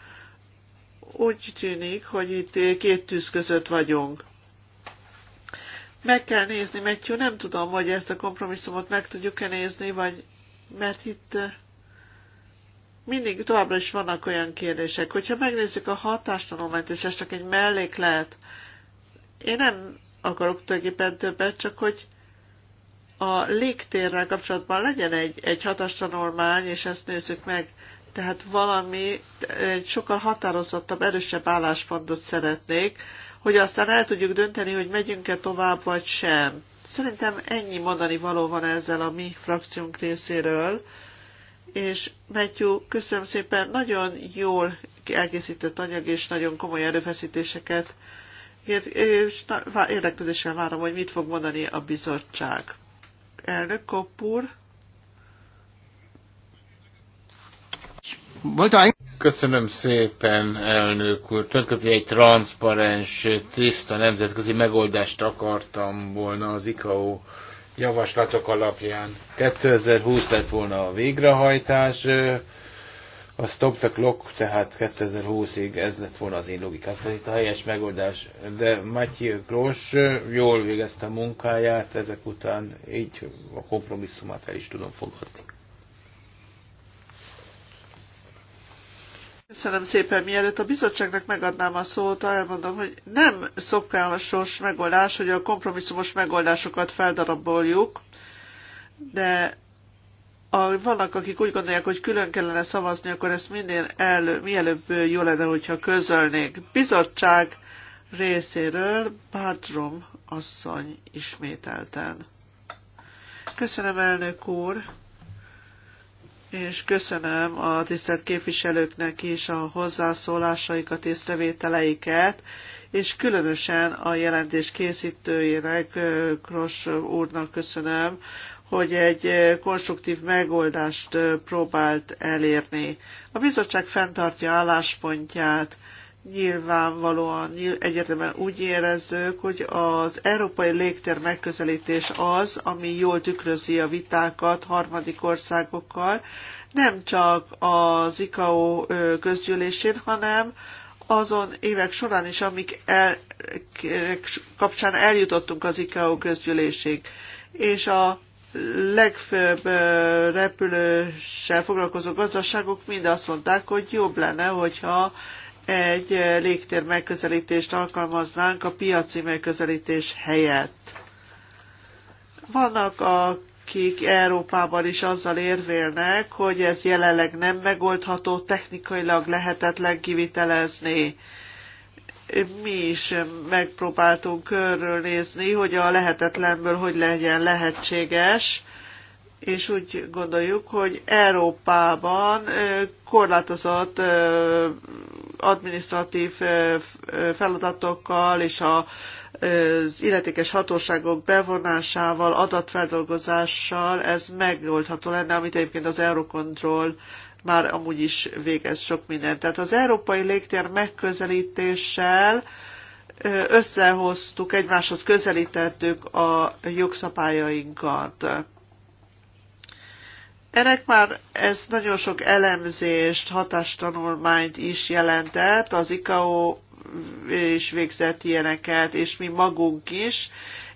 úgy tűnik, hogy itt két tűz között vagyunk. Meg kell nézni, Matthew, nem tudom, hogy ezt a kompromisszumot meg tudjuk-e nézni, vagy mert itt eh, mindig továbbra is vannak olyan kérdések. Hogyha megnézzük a hatástanulmányt, és ez csak egy lehet. én nem akarok tulajdonképpen többet, csak hogy a légtérrel kapcsolatban legyen egy, egy hatástanulmány, és ezt nézzük meg. Tehát valami, egy sokkal határozottabb, erősebb álláspontot szeretnék, hogy aztán el tudjuk dönteni, hogy megyünk-e tovább, vagy sem. Szerintem ennyi mondani való van ezzel a mi frakciónk részéről, és Matthew, köszönöm szépen, nagyon jól elkészített anyag, és nagyon komoly erőfeszítéseket és érdeklődéssel várom, hogy mit fog mondani a bizottság. Elnök Koppúr. Köszönöm szépen, elnök úr. Tönköpi egy transzparens, tiszta nemzetközi megoldást akartam volna az ICAO javaslatok alapján. 2020 lett volna a végrehajtás, a stop the clock, tehát 2020-ig ez lett volna az én logikám szerint a helyes megoldás. De Matthieu Gross jól végezte a munkáját ezek után, így a kompromisszumát el is tudom fogadni. Köszönöm szépen, mielőtt a bizottságnak megadnám a szót, elmondom, hogy nem szokásos megoldás, hogy a kompromisszumos megoldásokat feldaraboljuk, de a, vannak, akik úgy gondolják, hogy külön kellene szavazni, akkor ezt minél elő, mielőbb jó lenne, hogyha közölnék. Bizottság részéről Bartrom asszony ismételten. Köszönöm, elnök úr! és köszönöm a tisztelt képviselőknek is a hozzászólásaikat, észrevételeiket, és különösen a jelentés készítőjének, Kros úrnak köszönöm, hogy egy konstruktív megoldást próbált elérni. A bizottság fenntartja álláspontját, nyilvánvalóan egyértelműen úgy érezzük, hogy az európai légtér megközelítés az, ami jól tükrözi a vitákat harmadik országokkal, nem csak az ICAO közgyűlésén, hanem azon évek során is, amik el, kapcsán eljutottunk az ICAO közgyűlésig. És a legfőbb repülőssel foglalkozó gazdaságok mind azt mondták, hogy jobb lenne, hogyha egy légtér megközelítést alkalmaznánk a piaci megközelítés helyett. Vannak, akik Európában is azzal érvélnek, hogy ez jelenleg nem megoldható, technikailag lehetetlen kivitelezni mi is megpróbáltunk körülnézni, hogy a lehetetlenből hogy legyen lehetséges, és úgy gondoljuk, hogy Európában korlátozott administratív feladatokkal és az illetékes hatóságok bevonásával, adatfeldolgozással ez megoldható lenne, amit egyébként az Eurocontrol már amúgy is végez sok mindent. Tehát az európai légtér megközelítéssel összehoztuk, egymáshoz közelítettük a jogszabályainkat ennek már ez nagyon sok elemzést, hatástanulmányt is jelentett, az ICAO is végzett ilyeneket, és mi magunk is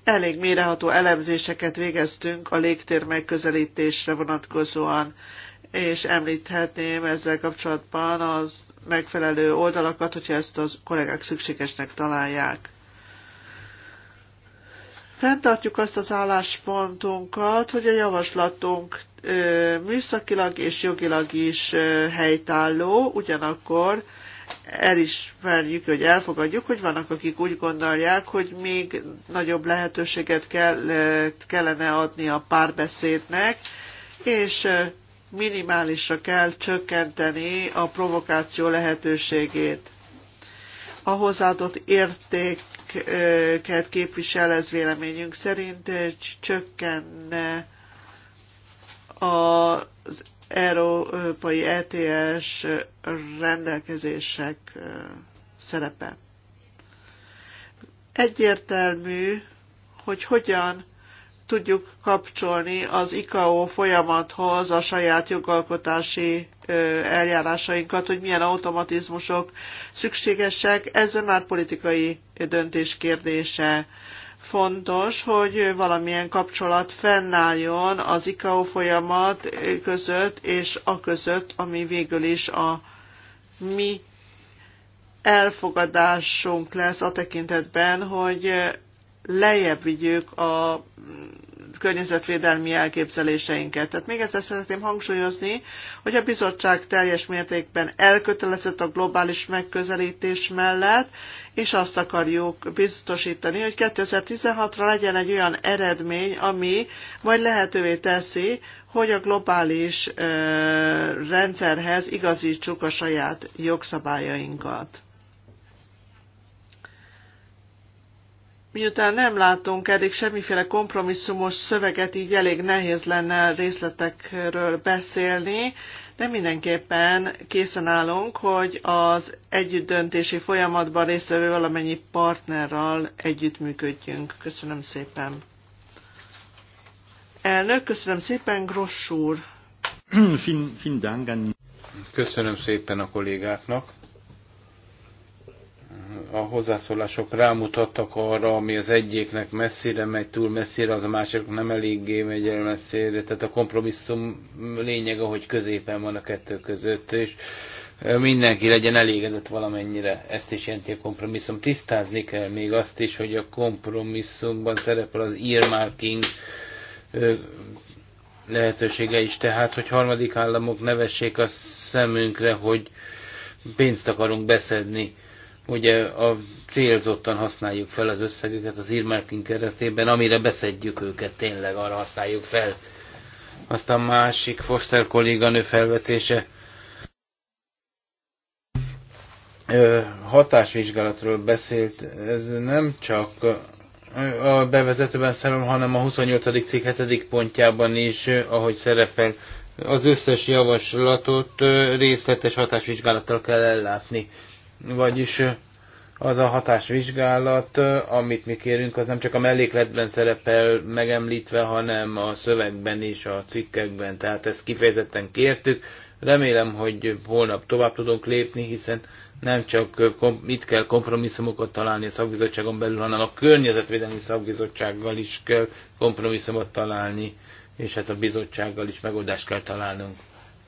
elég méreható elemzéseket végeztünk a légtér megközelítésre vonatkozóan, és említhetném ezzel kapcsolatban az megfelelő oldalakat, hogyha ezt a kollégák szükségesnek találják. Fentartjuk azt az álláspontunkat, hogy a javaslatunk műszakilag és jogilag is helytálló, ugyanakkor elismerjük, hogy elfogadjuk, hogy vannak, akik úgy gondolják, hogy még nagyobb lehetőséget kell, kellene adni a párbeszédnek, és minimálisra kell csökkenteni a provokáció lehetőségét. A hozzáadott érték értéket képvisel, ez véleményünk szerint csökkenne az európai ETS rendelkezések szerepe. Egyértelmű, hogy hogyan tudjuk kapcsolni az ICAO folyamathoz a saját jogalkotási eljárásainkat, hogy milyen automatizmusok szükségesek, ez már politikai döntés kérdése. Fontos, hogy valamilyen kapcsolat fennálljon az ICAO folyamat között és a között, ami végül is a mi elfogadásunk lesz a tekintetben, hogy lejjebb vigyük a környezetvédelmi elképzeléseinket. Tehát még egyszer szeretném hangsúlyozni, hogy a bizottság teljes mértékben elkötelezett a globális megközelítés mellett, és azt akarjuk biztosítani, hogy 2016-ra legyen egy olyan eredmény, ami majd lehetővé teszi, hogy a globális ö, rendszerhez igazítsuk a saját jogszabályainkat. Miután nem látunk eddig semmiféle kompromisszumos szöveget, így elég nehéz lenne részletekről beszélni, de mindenképpen készen állunk, hogy az együttdöntési folyamatban résztvevő valamennyi partnerral együttműködjünk. Köszönöm szépen. Elnök, köszönöm szépen, Gross úr. Köszönöm szépen a kollégáknak a hozzászólások rámutattak arra, ami az egyiknek messzire megy, túl messzire, az a másiknak nem eléggé megy el messzire. Tehát a kompromisszum lényege, hogy középen van a kettő között, és mindenki legyen elégedett valamennyire. Ezt is jelenti a kompromisszum. Tisztázni kell még azt is, hogy a kompromisszumban szerepel az earmarking lehetősége is. Tehát, hogy harmadik államok nevessék a szemünkre, hogy pénzt akarunk beszedni ugye a célzottan használjuk fel az összegüket az earmarking keretében, amire beszedjük őket, tényleg arra használjuk fel. Aztán másik Foster kolléganő felvetése, hatásvizsgálatról beszélt, ez nem csak a bevezetőben szerem, hanem a 28. cikk 7. pontjában is, ahogy szerepel, az összes javaslatot részletes hatásvizsgálattal kell ellátni. Vagyis az a hatásvizsgálat, amit mi kérünk, az nem csak a mellékletben szerepel megemlítve, hanem a szövegben és a cikkekben. Tehát ezt kifejezetten kértük. Remélem, hogy holnap tovább tudunk lépni, hiszen nem csak itt kell kompromisszumokat találni a szakbizottságon belül, hanem a környezetvédelmi szakbizottsággal is kell kompromisszumot találni, és hát a bizottsággal is megoldást kell találnunk.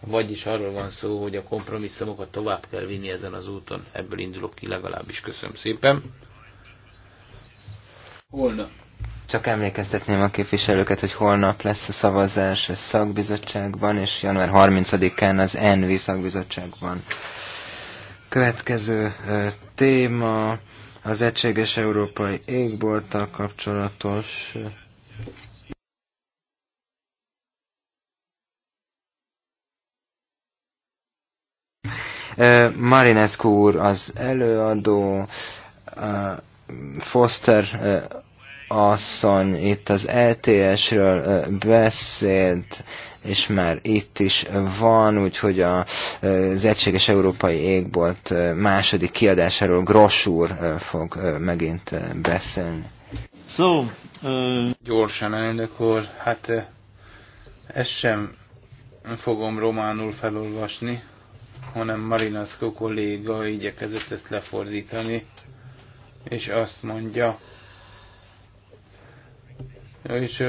Vagyis arról van szó, hogy a kompromisszumokat tovább kell vinni ezen az úton. Ebből indulok ki legalábbis. Köszönöm szépen. Holnap. Csak emlékeztetném a képviselőket, hogy holnap lesz a szavazás a szakbizottságban, és január 30-án az NV szakbizottságban. Következő téma az egységes európai égbolttal kapcsolatos Marinescu úr az előadó, Foster asszony itt az LTS-ről e beszélt, és már itt is van, úgyhogy a, az Egységes Európai Égbolt második kiadásáról Gross úr fog megint beszélni. So, uh... Gyorsan, elnök úr, hát ezt sem fogom románul felolvasni, hanem Marinaszko kolléga igyekezett ezt lefordítani, és azt mondja, és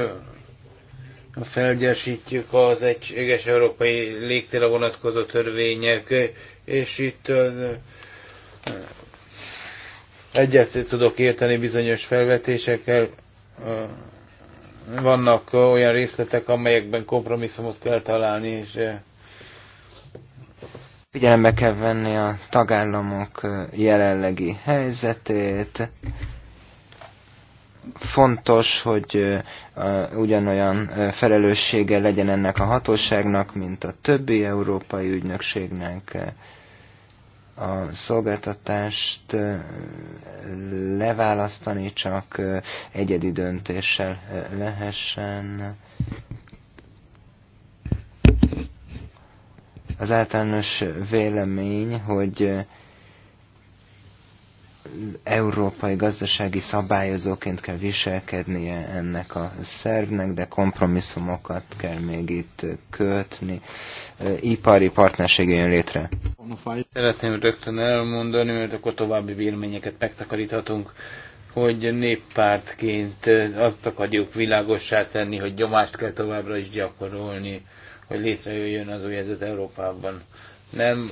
felgyersítjük az egységes európai légtére vonatkozó törvények, és itt egyet tudok érteni bizonyos felvetésekkel. Vannak olyan részletek, amelyekben kompromisszumot kell találni, és Figyelembe kell venni a tagállamok jelenlegi helyzetét. Fontos, hogy ugyanolyan felelőssége legyen ennek a hatóságnak, mint a többi európai ügynökségnek a szolgáltatást leválasztani csak egyedi döntéssel lehessen. Az általános vélemény, hogy európai gazdasági szabályozóként kell viselkednie ennek a szervnek, de kompromisszumokat kell még itt kötni. Ipari partnerség jön létre. Szeretném rögtön elmondani, mert akkor további véleményeket megtakaríthatunk, hogy néppártként azt akarjuk világossá tenni, hogy gyomást kell továbbra is gyakorolni hogy létrejöjjön az új helyzet Európában. Nem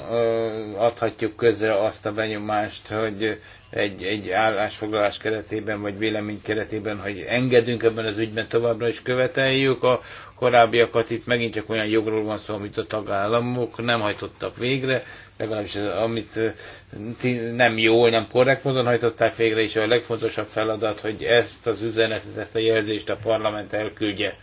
adhatjuk közre azt a benyomást, hogy egy, egy állásfoglalás keretében, vagy vélemény keretében, hogy engedünk ebben az ügyben továbbra is követeljük a korábbiakat. Itt megint csak olyan jogról van szó, amit a tagállamok nem hajtottak végre, legalábbis amit nem jól, nem korrekt módon hajtották végre, és a legfontosabb feladat, hogy ezt az üzenetet, ezt a jelzést a parlament elküldje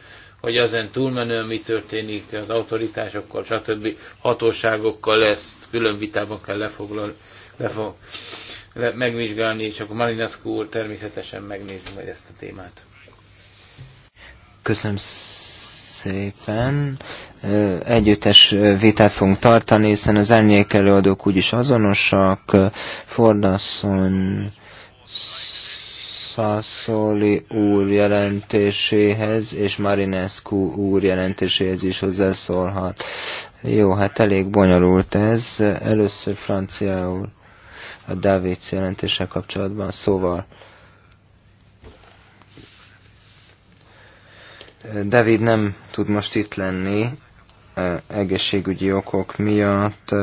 hogy ezen túlmenően mi történik az autoritásokkal, stb. hatóságokkal ezt külön vitában kell lefoglalni, lefog, le, megvizsgálni, és akkor Malinaszkó úr természetesen megnézi majd ezt a témát. Köszönöm szépen. Együttes vitát fogunk tartani, hiszen az elnyék előadók úgyis azonosak. Fordasszony Sassoli úr jelentéséhez és Marinescu úr jelentéséhez is hozzászólhat. Jó, hát elég bonyolult ez. Először franciául a David jelentése kapcsolatban. Szóval David nem tud most itt lenni, eh, egészségügyi okok miatt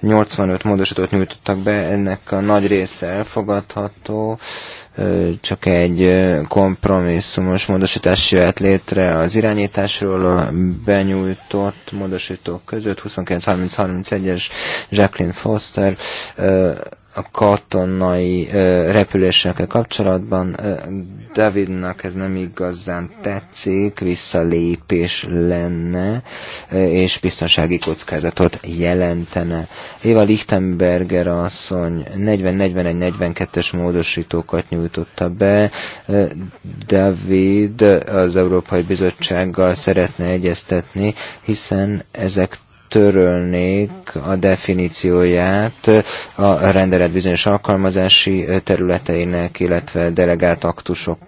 85 módosítót nyújtottak be, ennek a nagy része elfogadható, csak egy kompromisszumos módosítás jöhet létre az irányításról a benyújtott módosítók között, 29-30-31-es Jacqueline Foster a katonai repülésekkel kapcsolatban Davidnak ez nem igazán tetszik, visszalépés lenne, és biztonsági kockázatot jelentene. Éva Lichtenberger asszony 40-41-42-es módosítókat nyújtotta be. David az Európai Bizottsággal szeretne egyeztetni, hiszen ezek törölnék a definícióját a rendelet bizonyos alkalmazási területeinek, illetve delegált aktusok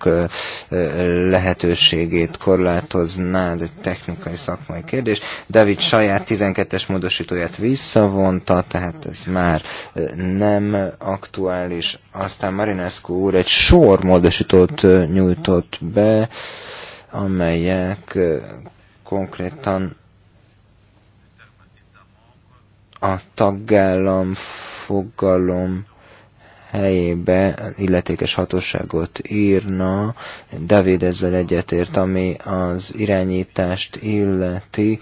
lehetőségét korlátozná, ez egy technikai szakmai kérdés. David saját 12-es módosítóját visszavonta, tehát ez már nem aktuális. Aztán Marinescu úr egy sor módosítót nyújtott be, amelyek konkrétan a tagállam fogalom helyébe illetékes hatóságot írna. David ezzel egyetért, ami az irányítást illeti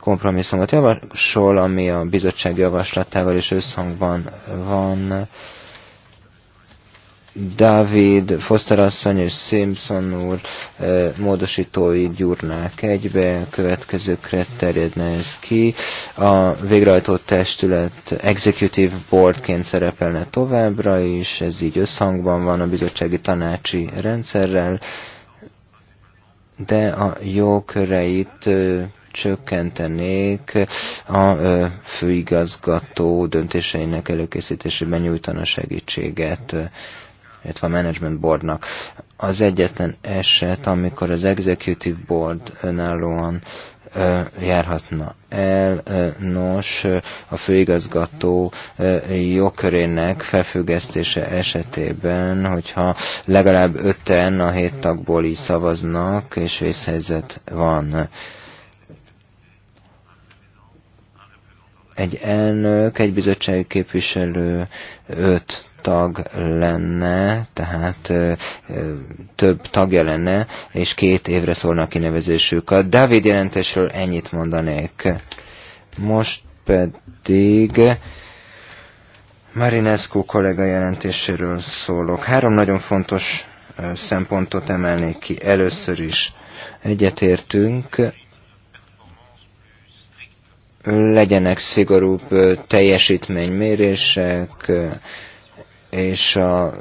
kompromisszumot javasol, ami a bizottság javaslatával is összhangban van. Dávid, Foster asszony és Simpson úr módosítói gyúrnák egybe, a következőkre terjedne ez ki. A végrehajtó testület Executive Boardként szerepelne továbbra is, ez így összhangban van a bizottsági tanácsi rendszerrel, de a jogköreit csökkentenék a főigazgató döntéseinek előkészítésében nyújtana segítséget illetve a Management Boardnak. Az egyetlen eset, amikor az Executive Board önállóan járhatna el. Nos, a főigazgató jogkörének felfüggesztése esetében, hogyha legalább öten a hét tagból így szavaznak, és vészhelyzet van. Egy elnök, egy bizottsági képviselő, öt tag lenne, tehát több tagja lenne, és két évre szólna a kinevezésük. A Dávid jelentésről ennyit mondanék. Most pedig Marinescu kollega jelentéséről szólok. Három nagyon fontos szempontot emelnék ki. Először is egyetértünk, legyenek szigorúbb teljesítménymérések, és a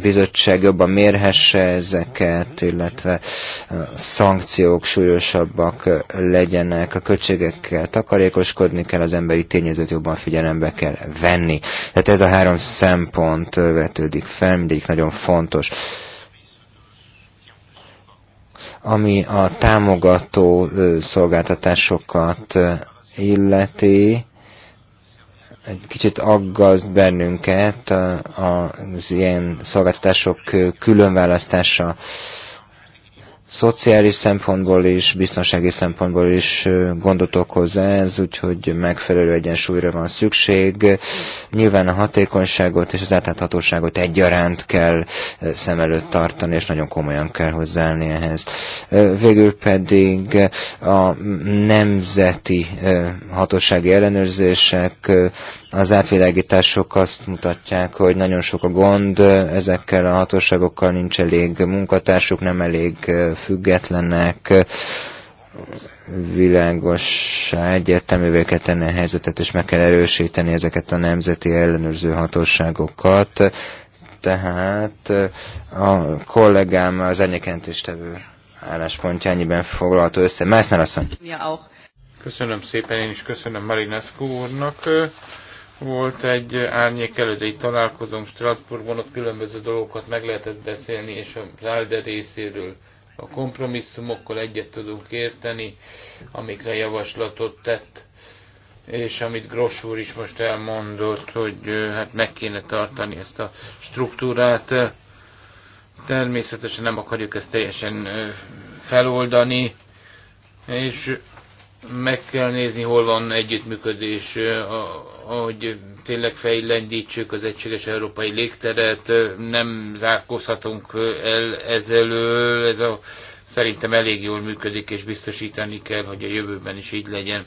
bizottság jobban mérhesse ezeket, illetve a szankciók súlyosabbak legyenek, a költségekkel takarékoskodni kell, az emberi tényezőt jobban figyelembe kell venni. Tehát ez a három szempont vetődik fel, mindegyik nagyon fontos ami a támogató szolgáltatásokat illeti, egy kicsit aggaszt bennünket az ilyen szolgáltatások különválasztása szociális szempontból is, biztonsági szempontból is gondot okoz ez, úgyhogy megfelelő egyensúlyra van szükség. Nyilván a hatékonyságot és az átláthatóságot egyaránt kell szem előtt tartani, és nagyon komolyan kell hozzáállni ehhez. Végül pedig a nemzeti hatósági ellenőrzések, az átvilágítások azt mutatják, hogy nagyon sok a gond, ezekkel a hatóságokkal nincs elég munkatársuk, nem elég függetlenek, világossá, egyértelművé kell tenni a helyzetet, és meg kell erősíteni ezeket a nemzeti ellenőrző hatóságokat. Tehát a kollégám az tevő álláspontja ennyiben foglalható össze. Mászner asszony! Köszönöm szépen, én is köszönöm Marinescu úrnak. Volt egy árnyék elődei találkozónk Strasbourgban, ott különböző dolgokat meg lehetett beszélni, és a Zálde részéről a kompromisszumokkal egyet tudunk érteni, amikre javaslatot tett, és amit Gross úr is most elmondott, hogy hát meg kéne tartani ezt a struktúrát. Természetesen nem akarjuk ezt teljesen feloldani, és meg kell nézni, hol van együttműködés, ahogy tényleg fejlendítsük az egységes európai légteret, nem zárkózhatunk el ezelől, ez a, szerintem elég jól működik, és biztosítani kell, hogy a jövőben is így legyen.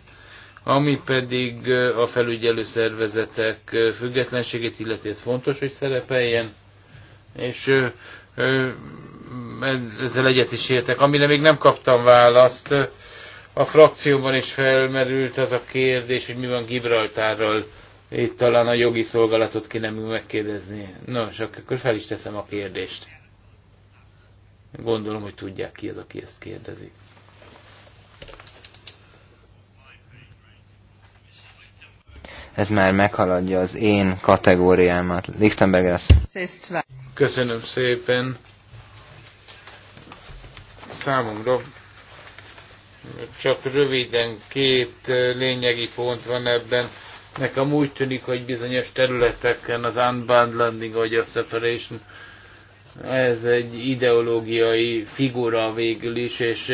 Ami pedig a felügyelő szervezetek függetlenségét illeti, ez fontos, hogy szerepeljen, és ezzel egyet is értek. Amire még nem kaptam választ, a frakcióban is felmerült az a kérdés, hogy mi van Gibraltárral. Itt talán a jogi szolgálatot kéne megkérdezni. Nos, akkor fel is teszem a kérdést. Gondolom, hogy tudják ki az, aki ezt kérdezi. Ez már meghaladja az én kategóriámat. Lichtenberger az. Köszönöm szépen. Számomra csak röviden két lényegi pont van ebben Nekem úgy tűnik, hogy bizonyos területeken az landing vagy a separation ez egy ideológiai figura végül is, és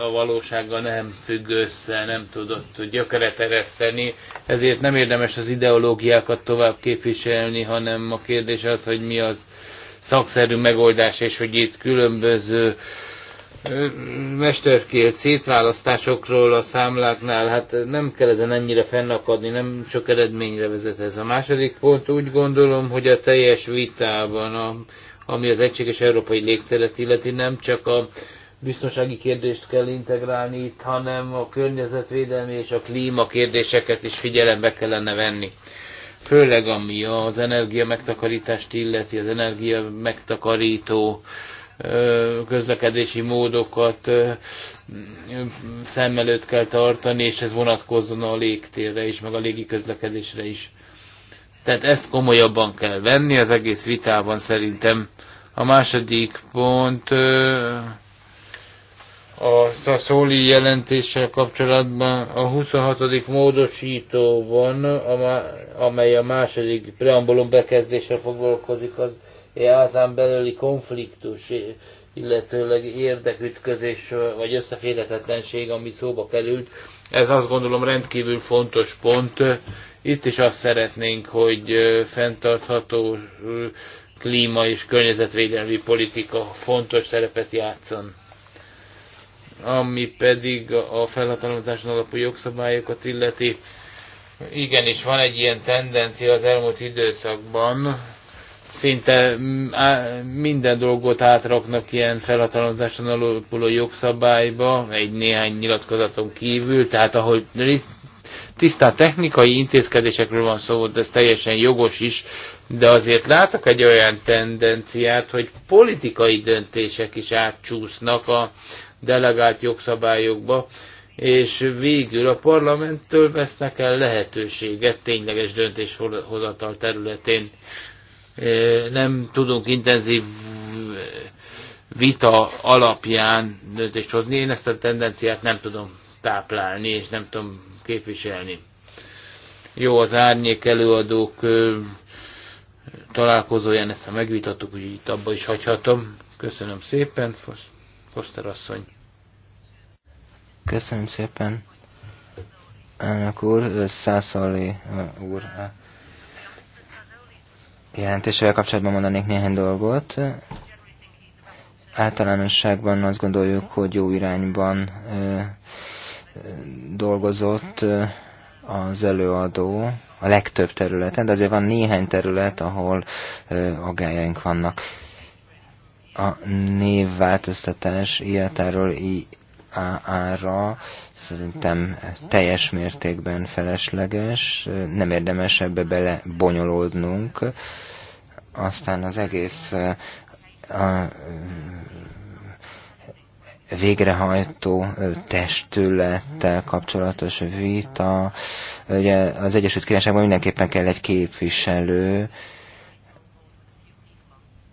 a valósággal nem függ össze, nem tudott gyökeret ereszteni, ezért nem érdemes az ideológiákat tovább képviselni, hanem a kérdés az, hogy mi az szakszerű megoldás, és hogy itt különböző mesterkélt szétválasztásokról a számláknál, hát nem kell ezen ennyire fennakadni, nem sok eredményre vezet ez. A második pont úgy gondolom, hogy a teljes vitában, a, ami az egységes európai légteret illeti, nem csak a biztonsági kérdést kell integrálni itt, hanem a környezetvédelmi és a klíma kérdéseket is figyelembe kellene venni. Főleg ami az energia megtakarítást illeti, az energia megtakarító uh, közlekedési módokat szem előtt kell tartani, és ez vonatkozzon a légtérre is, meg a légi közlekedésre is. Tehát ezt komolyabban kell venni az egész vitában szerintem. A második pont a Szaszóli jelentéssel kapcsolatban a 26. van, amely a második preambulum bekezdéssel foglalkozik, az Jázán belüli konfliktus, illetőleg érdekütközés vagy összeférhetetlenség, ami szóba került. Ez azt gondolom rendkívül fontos pont. Itt is azt szeretnénk, hogy fenntartható klíma és környezetvédelmi politika fontos szerepet játszon. Ami pedig a felhatalmazáson alapú jogszabályokat illeti, igenis van egy ilyen tendencia az elmúlt időszakban, szinte mm, minden dolgot átraknak ilyen felhatalmazáson alapuló jogszabályba, egy néhány nyilatkozaton kívül, tehát ahogy tisztán technikai intézkedésekről van szó, de ez teljesen jogos is, de azért látok egy olyan tendenciát, hogy politikai döntések is átcsúsznak a delegált jogszabályokba, és végül a parlamenttől vesznek el lehetőséget tényleges döntéshozatal területén nem tudunk intenzív vita alapján döntést hozni. Én ezt a tendenciát nem tudom táplálni, és nem tudom képviselni. Jó, az árnyék előadók találkozóján ezt ha megvitattuk, úgyhogy itt abba is hagyhatom. Köszönöm szépen, Foster asszony. Köszönöm szépen, elnök úr, Szászali úr jelentésével kapcsolatban mondanék néhány dolgot. Általánosságban azt gondoljuk, hogy jó irányban dolgozott az előadó a legtöbb területen, de azért van néhány terület, ahol agályaink vannak. A névváltoztatás ilyetáról ára szerintem teljes mértékben felesleges, nem érdemes ebbe bele bonyolódnunk. Aztán az egész a végrehajtó testülettel kapcsolatos vita. Ugye az Egyesült Királyságban mindenképpen kell egy képviselő,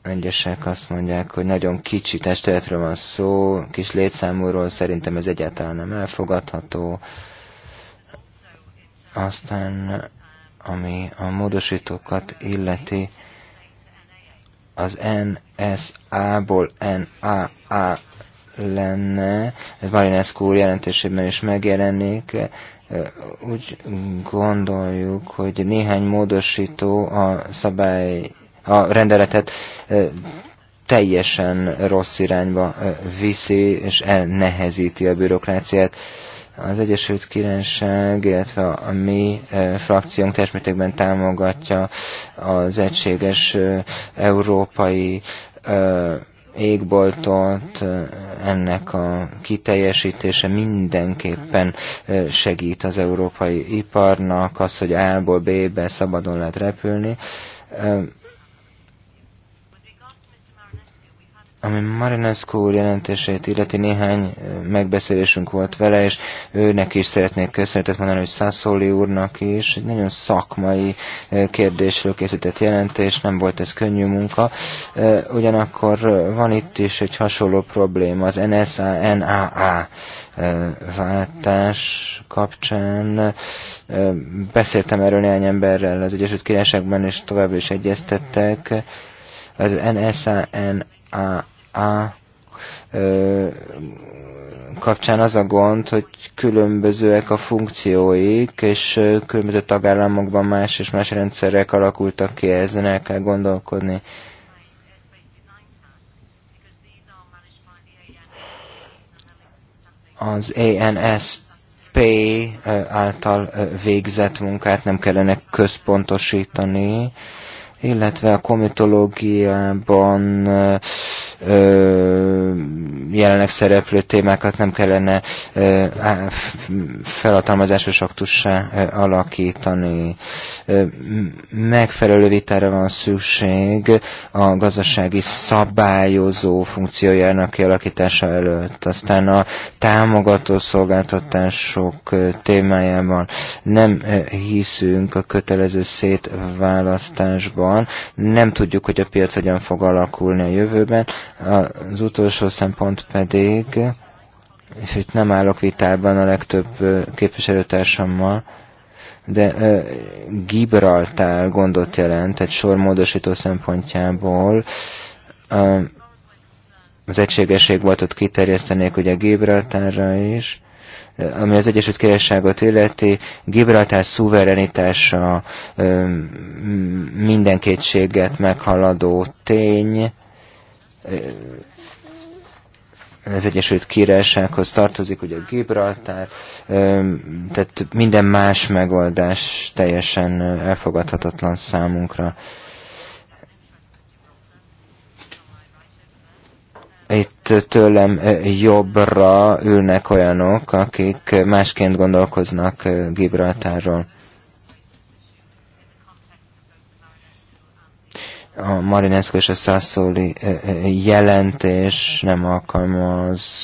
Egyesek azt mondják, hogy nagyon kicsi testületről van szó, kis létszámúról, szerintem ez egyáltalán nem elfogadható. Aztán, ami a módosítókat illeti, az NSA-ból NAA lenne, ez Marinescu úr jelentésében is megjelenik, úgy gondoljuk, hogy néhány módosító a szabály a rendeletet teljesen rossz irányba viszi, és elnehezíti a bürokráciát. Az Egyesült Királyság, illetve a mi frakciónk testmértékben támogatja az egységes európai égboltot, ennek a kiteljesítése mindenképpen segít az európai iparnak, az, hogy A-ból B-be szabadon lehet repülni Ami Marinescu úr jelentését illeti néhány megbeszélésünk volt vele, és őnek is szeretnék köszönetet mondani, hogy Szászóli úrnak is. Egy nagyon szakmai kérdésről készített jelentés, nem volt ez könnyű munka. Ugyanakkor van itt is egy hasonló probléma, az NSA-NAA váltás kapcsán. Beszéltem erről néhány emberrel az Egyesült Királyságban, és tovább is egyeztettek. Az NSA-NAA a kapcsán az a gond, hogy különbözőek a funkcióik, és különböző tagállamokban más és más rendszerek alakultak ki, ezen el kell gondolkodni. Az ANSP által végzett munkát nem kellene központosítani, illetve a komitológiában jelenleg szereplő témákat nem kellene felhatalmazásos aktussá alakítani. Megfelelő vitára van szükség a gazdasági szabályozó funkciójának kialakítása előtt. Aztán a támogató szolgáltatások témájában nem hiszünk a kötelező szétválasztásban, nem tudjuk, hogy a piac hogyan fog alakulni a jövőben, az utolsó szempont pedig, és itt nem állok vitában a legtöbb képviselőtársammal, de uh, Gibraltár gondot jelent, egy sor módosító szempontjából uh, az egységesség volt ott kiterjesztenék ugye Gibraltárra is, ami az Egyesült Királyságot illeti, Gibraltár szuverenitása uh, minden kétséget meghaladó tény, az Egyesült Királysághoz tartozik, ugye Gibraltár, tehát minden más megoldás teljesen elfogadhatatlan számunkra. Itt tőlem jobbra ülnek olyanok, akik másként gondolkoznak Gibraltárról. a Marinescu és a Sassoli jelentés nem alkalmaz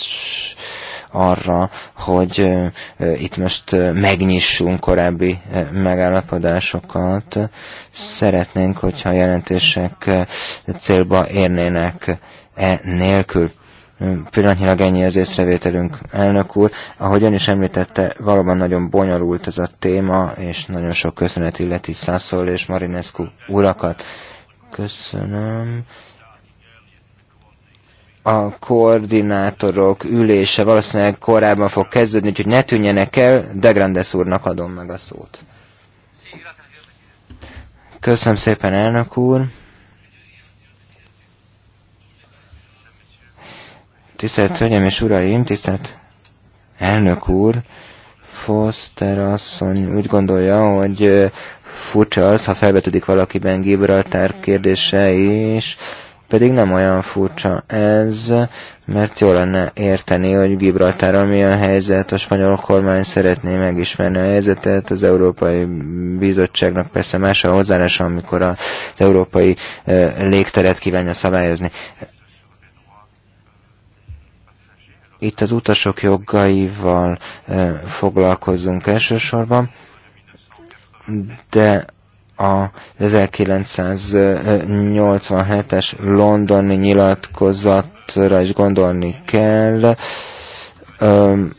arra, hogy itt most megnyissunk korábbi megállapodásokat. Szeretnénk, hogyha a jelentések célba érnének e nélkül. Pillanatnyilag ennyi az észrevételünk, elnök úr. Ahogy ön is említette, valóban nagyon bonyolult ez a téma, és nagyon sok köszönet illeti Szászol és Marinescu urakat. Köszönöm. A koordinátorok ülése valószínűleg korábban fog kezdődni, úgyhogy ne tűnjenek el, de Grandes úrnak adom meg a szót. Köszönöm szépen, elnök úr. Tisztelt Hölgyeim és Uraim, tisztelt elnök úr, Foster asszony úgy gondolja, hogy furcsa az, ha felvetődik valakiben Gibraltár kérdése is, pedig nem olyan furcsa ez, mert jó lenne érteni, hogy Gibraltáron mi a helyzet, a spanyol kormány szeretné megismerni a helyzetet, az Európai Bizottságnak persze más a hozzáállása, amikor az európai légteret kívánja szabályozni. Itt az utasok jogaival foglalkozunk elsősorban de a 1987-es londoni nyilatkozatra is gondolni kell. Um,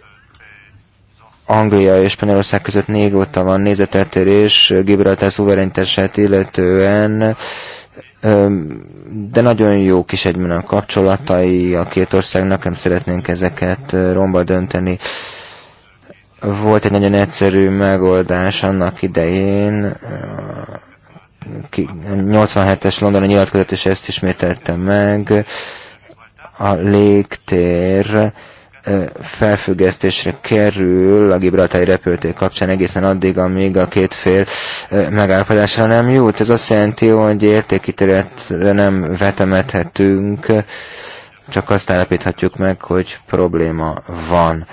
Anglia és Spanyolország között négy óta van nézeteltérés Gibraltar szuverenitását illetően, de nagyon jó kis egyben a kapcsolatai a két országnak, nem szeretnénk ezeket romba dönteni. Volt egy nagyon egyszerű megoldás annak idején, 87-es londoni nyilatkozat, és ezt ismételte meg, a légtér felfüggesztésre kerül a Gibraltári repültér kapcsán egészen addig, amíg a két fél megállapodásra nem jut. Ez azt jelenti, hogy értékítéletre nem vetemethetünk, csak azt állapíthatjuk meg, hogy probléma van.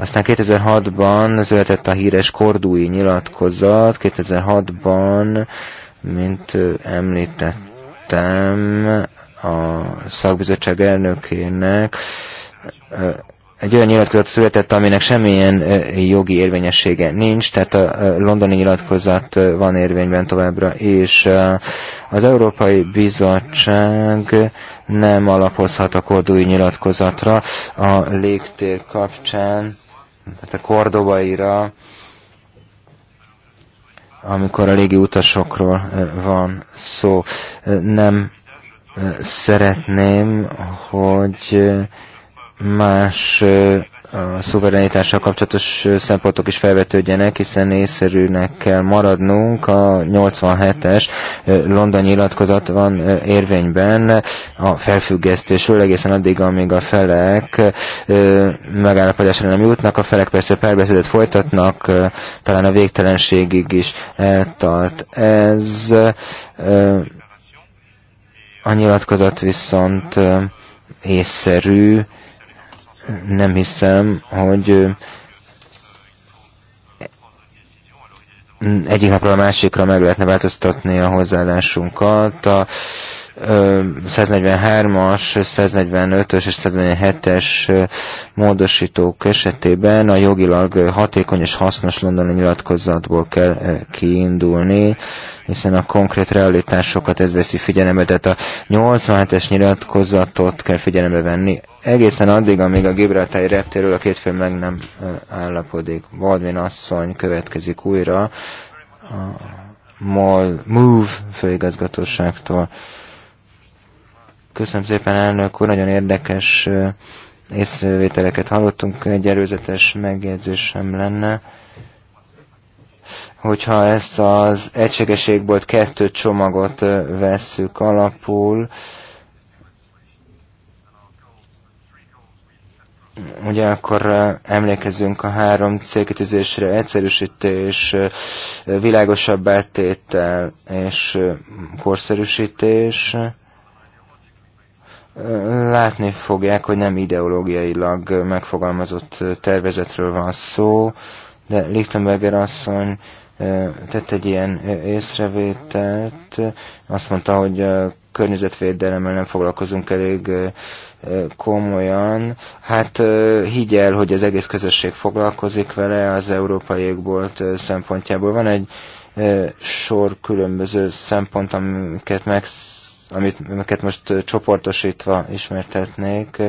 Aztán 2006-ban született a híres kordúi nyilatkozat, 2006-ban, mint említettem, a szakbizottság elnökének egy olyan nyilatkozat született, aminek semmilyen jogi érvényessége nincs, tehát a londoni nyilatkozat van érvényben továbbra, és az Európai Bizottság nem alapozhat a kordói nyilatkozatra a légtér kapcsán tehát a kordobaira, amikor a légi utasokról van szó. Nem szeretném, hogy más a szuverenitással kapcsolatos szempontok is felvetődjenek, hiszen észszerűnek kell maradnunk. A 87-es London nyilatkozat van érvényben a felfüggesztésről egészen addig, amíg a felek megállapodásra nem jutnak. A felek persze párbeszédet folytatnak, talán a végtelenségig is tart. Ez a nyilatkozat viszont észszerű, nem hiszem, hogy egyik napról a másikra meg lehetne változtatni a hozzáállásunkat. A 143-as, 145-ös és 147-es módosítók esetében a jogilag hatékony és hasznos londoni nyilatkozatból kell kiindulni, hiszen a konkrét realitásokat ez veszi figyelembe, tehát a 87-es nyilatkozatot kell figyelembe venni, egészen addig, amíg a Gibraltári reptéről a két fél meg nem állapodik. Baldwin asszony következik újra a MOVE főigazgatóságtól. Köszönöm szépen, elnök úr, nagyon érdekes észrevételeket hallottunk, egy előzetes megjegyzésem lenne hogyha ezt az egységeségbolt kettő csomagot vesszük alapul, ugye akkor emlékezünk a három célkitűzésre, egyszerűsítés, világosabb áttétel és korszerűsítés látni fogják, hogy nem ideológiailag megfogalmazott tervezetről van szó, de Lichtenberger asszony tett egy ilyen észrevételt, azt mondta, hogy a környezetvédelemmel nem foglalkozunk elég komolyan. Hát higgy el, hogy az egész közösség foglalkozik vele az európai égbolt szempontjából. Van egy sor különböző szempont, amiket meg amit amiket most csoportosítva ismertetnék.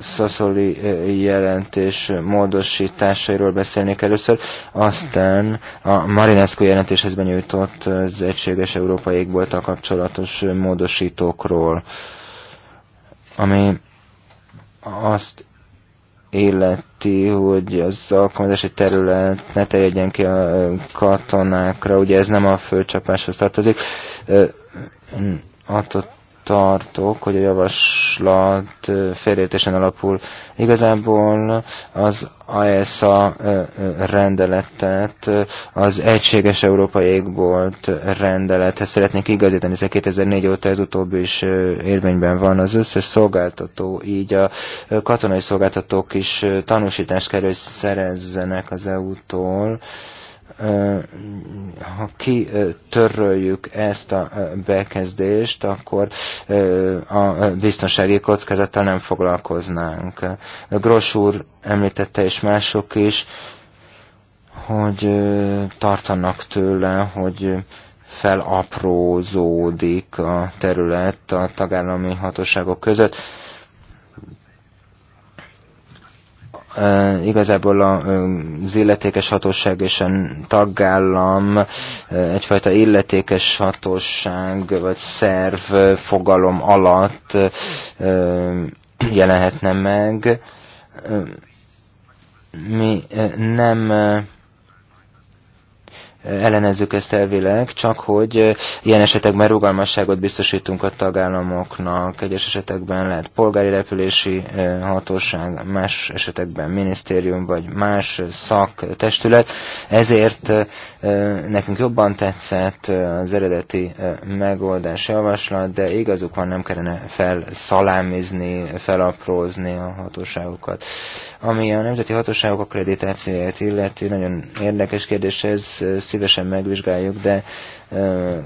Szaszoli jelentés módosításairól beszélnék először, aztán a Marinescu jelentéshez benyújtott az egységes európai égbolttal kapcsolatos módosítókról, ami azt illeti, hogy az alkalmazási terület ne terjedjen ki a katonákra, ugye ez nem a főcsapáshoz tartozik. Attól tartok, hogy a javaslat félértésen alapul. Igazából az AESA e rendeletet az Egységes Európai Égbolt rendelethez szeretnék igazítani, hiszen 2004 óta ez utóbbi is érvényben van. Az összes szolgáltató, így a katonai szolgáltatók is tanúsítást kell, hogy szerezzenek az EU-tól, ha kitöröljük ezt a bekezdést, akkor a biztonsági kockázattal nem foglalkoznánk. Gros úr említette, és mások is, hogy tartanak tőle, hogy felaprózódik a terület a tagállami hatóságok között igazából az illetékes hatóság és a tagállam egyfajta illetékes hatóság vagy szerv fogalom alatt jelenhetne meg. Mi nem ellenezzük ezt elvileg, csak hogy ilyen esetekben rugalmasságot biztosítunk a tagállamoknak. Egyes esetekben lehet polgári repülési hatóság, más esetekben minisztérium vagy más szaktestület. Ezért nekünk jobban tetszett az eredeti megoldás javaslat, de igazuk van, nem kellene felszalámizni, felaprózni a hatóságokat. Ami a nemzeti hatóságok akkreditációját illeti, nagyon érdekes kérdés ez, szívesen megvizsgáljuk, de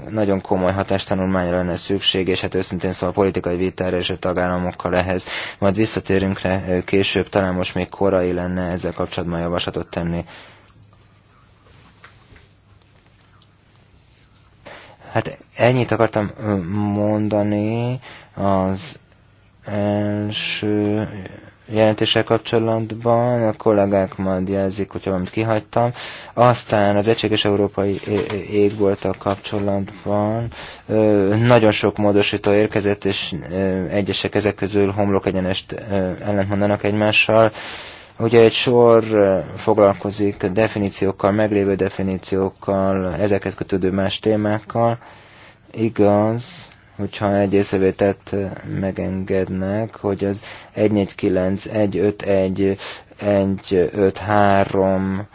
nagyon komoly hatástanulmányra lenne szükség, és hát őszintén szóval a politikai vitára és a tagállamokkal ehhez. Majd visszatérünk rá később, talán most még korai lenne ezzel kapcsolatban javaslatot tenni. Hát ennyit akartam mondani az első jelentéssel kapcsolatban a kollégák majd jelzik, hogyha valamit kihagytam. Aztán az Egységes Európai Égbolttal kapcsolatban nagyon sok módosító érkezett, és egyesek ezek közül homlok egyenest ellentmondanak egymással. Ugye egy sor foglalkozik definíciókkal, meglévő definíciókkal, ezeket kötődő más témákkal. Igaz, hogyha egy észrevételt megengednek, hogy az 149, 151, 153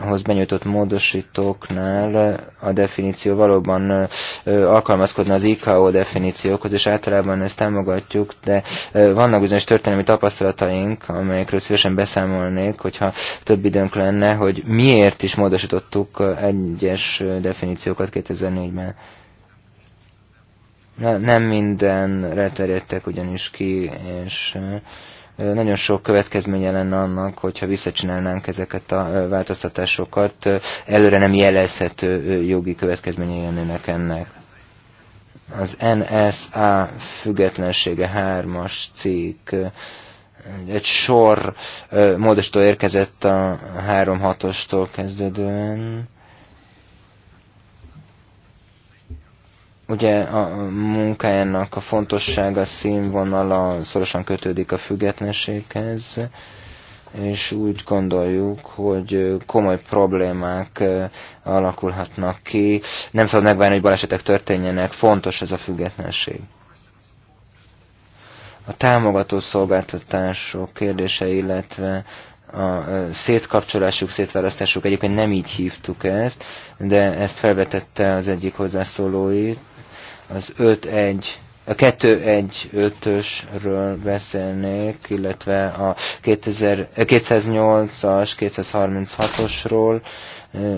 hoz benyújtott módosítóknál a definíció valóban alkalmazkodna az IKO definíciókhoz, és általában ezt támogatjuk, de vannak bizonyos történelmi tapasztalataink, amelyekről szívesen beszámolnék, hogyha több időnk lenne, hogy miért is módosítottuk egyes definíciókat 2004-ben nem mindenre terjedtek ugyanis ki, és nagyon sok következménye lenne annak, hogyha visszacsinálnánk ezeket a változtatásokat, előre nem jelezhető jogi következménye jönnének ennek. Az NSA függetlensége 3-as cikk, egy sor módosító érkezett a 3-6-ostól kezdődően, Ugye a munkájának a fontossága, színvonala szorosan kötődik a függetlenséghez, és úgy gondoljuk, hogy komoly problémák alakulhatnak ki. Nem szabad megvárni, hogy balesetek történjenek, fontos ez a függetlenség. A támogató szolgáltatások kérdése, illetve a szétkapcsolásuk, szétválasztásuk, egyébként nem így hívtuk ezt, de ezt felvetette az egyik itt, az 5-1 a 215-ösről beszélnék, illetve a 208-as, eh, 236-osról eh,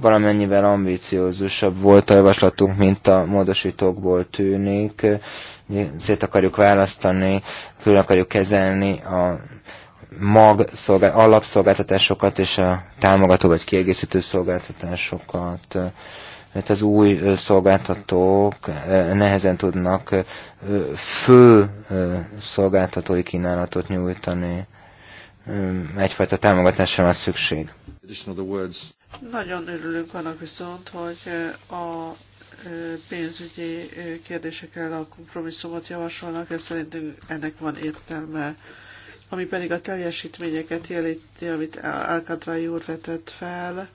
valamennyivel ambiciózusabb volt a javaslatunk, mint a módosítókból tűnik. Eh, szét akarjuk választani, külön akarjuk kezelni a mag alapszolgáltatásokat és a támogató vagy kiegészítő szolgáltatásokat mert az új szolgáltatók nehezen tudnak fő szolgáltatói kínálatot nyújtani. Egyfajta támogatásra van szükség. Nagyon örülünk annak viszont, hogy a pénzügyi kérdésekkel a kompromisszumot javasolnak, ez szerintünk ennek van értelme. Ami pedig a teljesítményeket jelenti, amit Alcatrai úr vetett fel,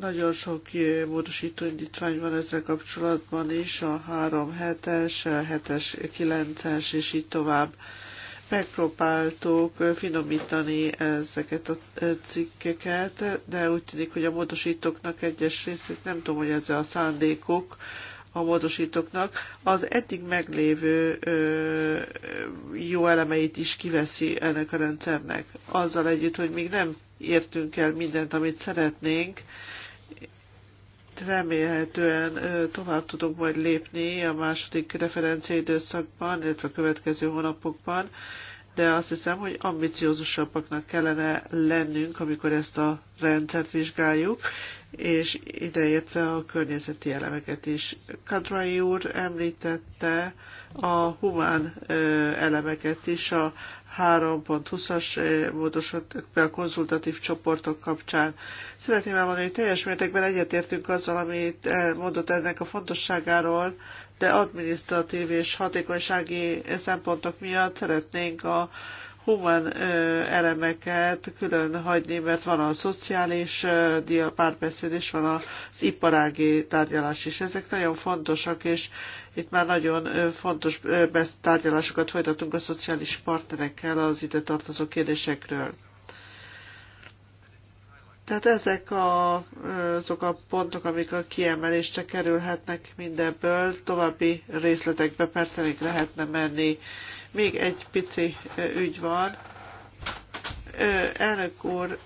nagyon sok módosító indítvány van ezzel kapcsolatban is, a 3 7-es, 7-es, 9-es és így tovább. Megpróbáltuk finomítani ezeket a cikkeket, de úgy tűnik, hogy a módosítóknak egyes részét nem tudom, hogy ez a szándékuk, a módosítóknak, az eddig meglévő ö, jó elemeit is kiveszi ennek a rendszernek. Azzal együtt, hogy még nem értünk el mindent, amit szeretnénk, remélhetően tovább tudunk majd lépni a második időszakban, illetve a következő hónapokban, de azt hiszem, hogy ambiciózusabbaknak kellene lennünk, amikor ezt a rendszert vizsgáljuk, és ideértve a környezeti elemeket is. Kadrai úr említette a humán elemeket is a 3.20-as a konzultatív csoportok kapcsán. Szeretném elmondani, hogy teljes mértékben egyetértünk azzal, amit mondott ennek a fontosságáról, de adminisztratív és hatékonysági szempontok miatt szeretnénk a human elemeket külön hagyni, mert van a szociális párbeszéd, és van az iparági tárgyalás is. Ezek nagyon fontosak, és itt már nagyon fontos tárgyalásokat folytatunk a szociális partnerekkel az ide tartozó kérdésekről. Tehát ezek a, azok a pontok, amik a kiemelésre kerülhetnek mindebből, további részletekbe persze még lehetne menni, még egy pici ügy van. Elnök úr,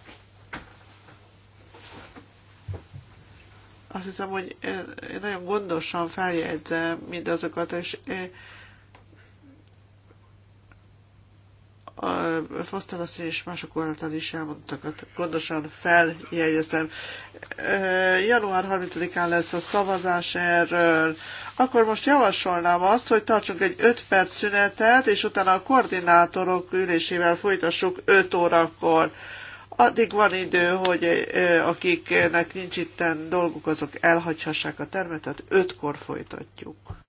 azt hiszem, hogy nagyon gondosan feljegyzem mindazokat, és Foster és mások által is elmondtakat. gondosan feljegyeztem. Január 30-án lesz a szavazás erről. Akkor most javasolnám azt, hogy tartsunk egy 5 perc szünetet, és utána a koordinátorok ülésével folytassuk 5 órakor. Addig van idő, hogy akiknek nincs itten dolguk, azok elhagyhassák a termet, tehát 5-kor folytatjuk.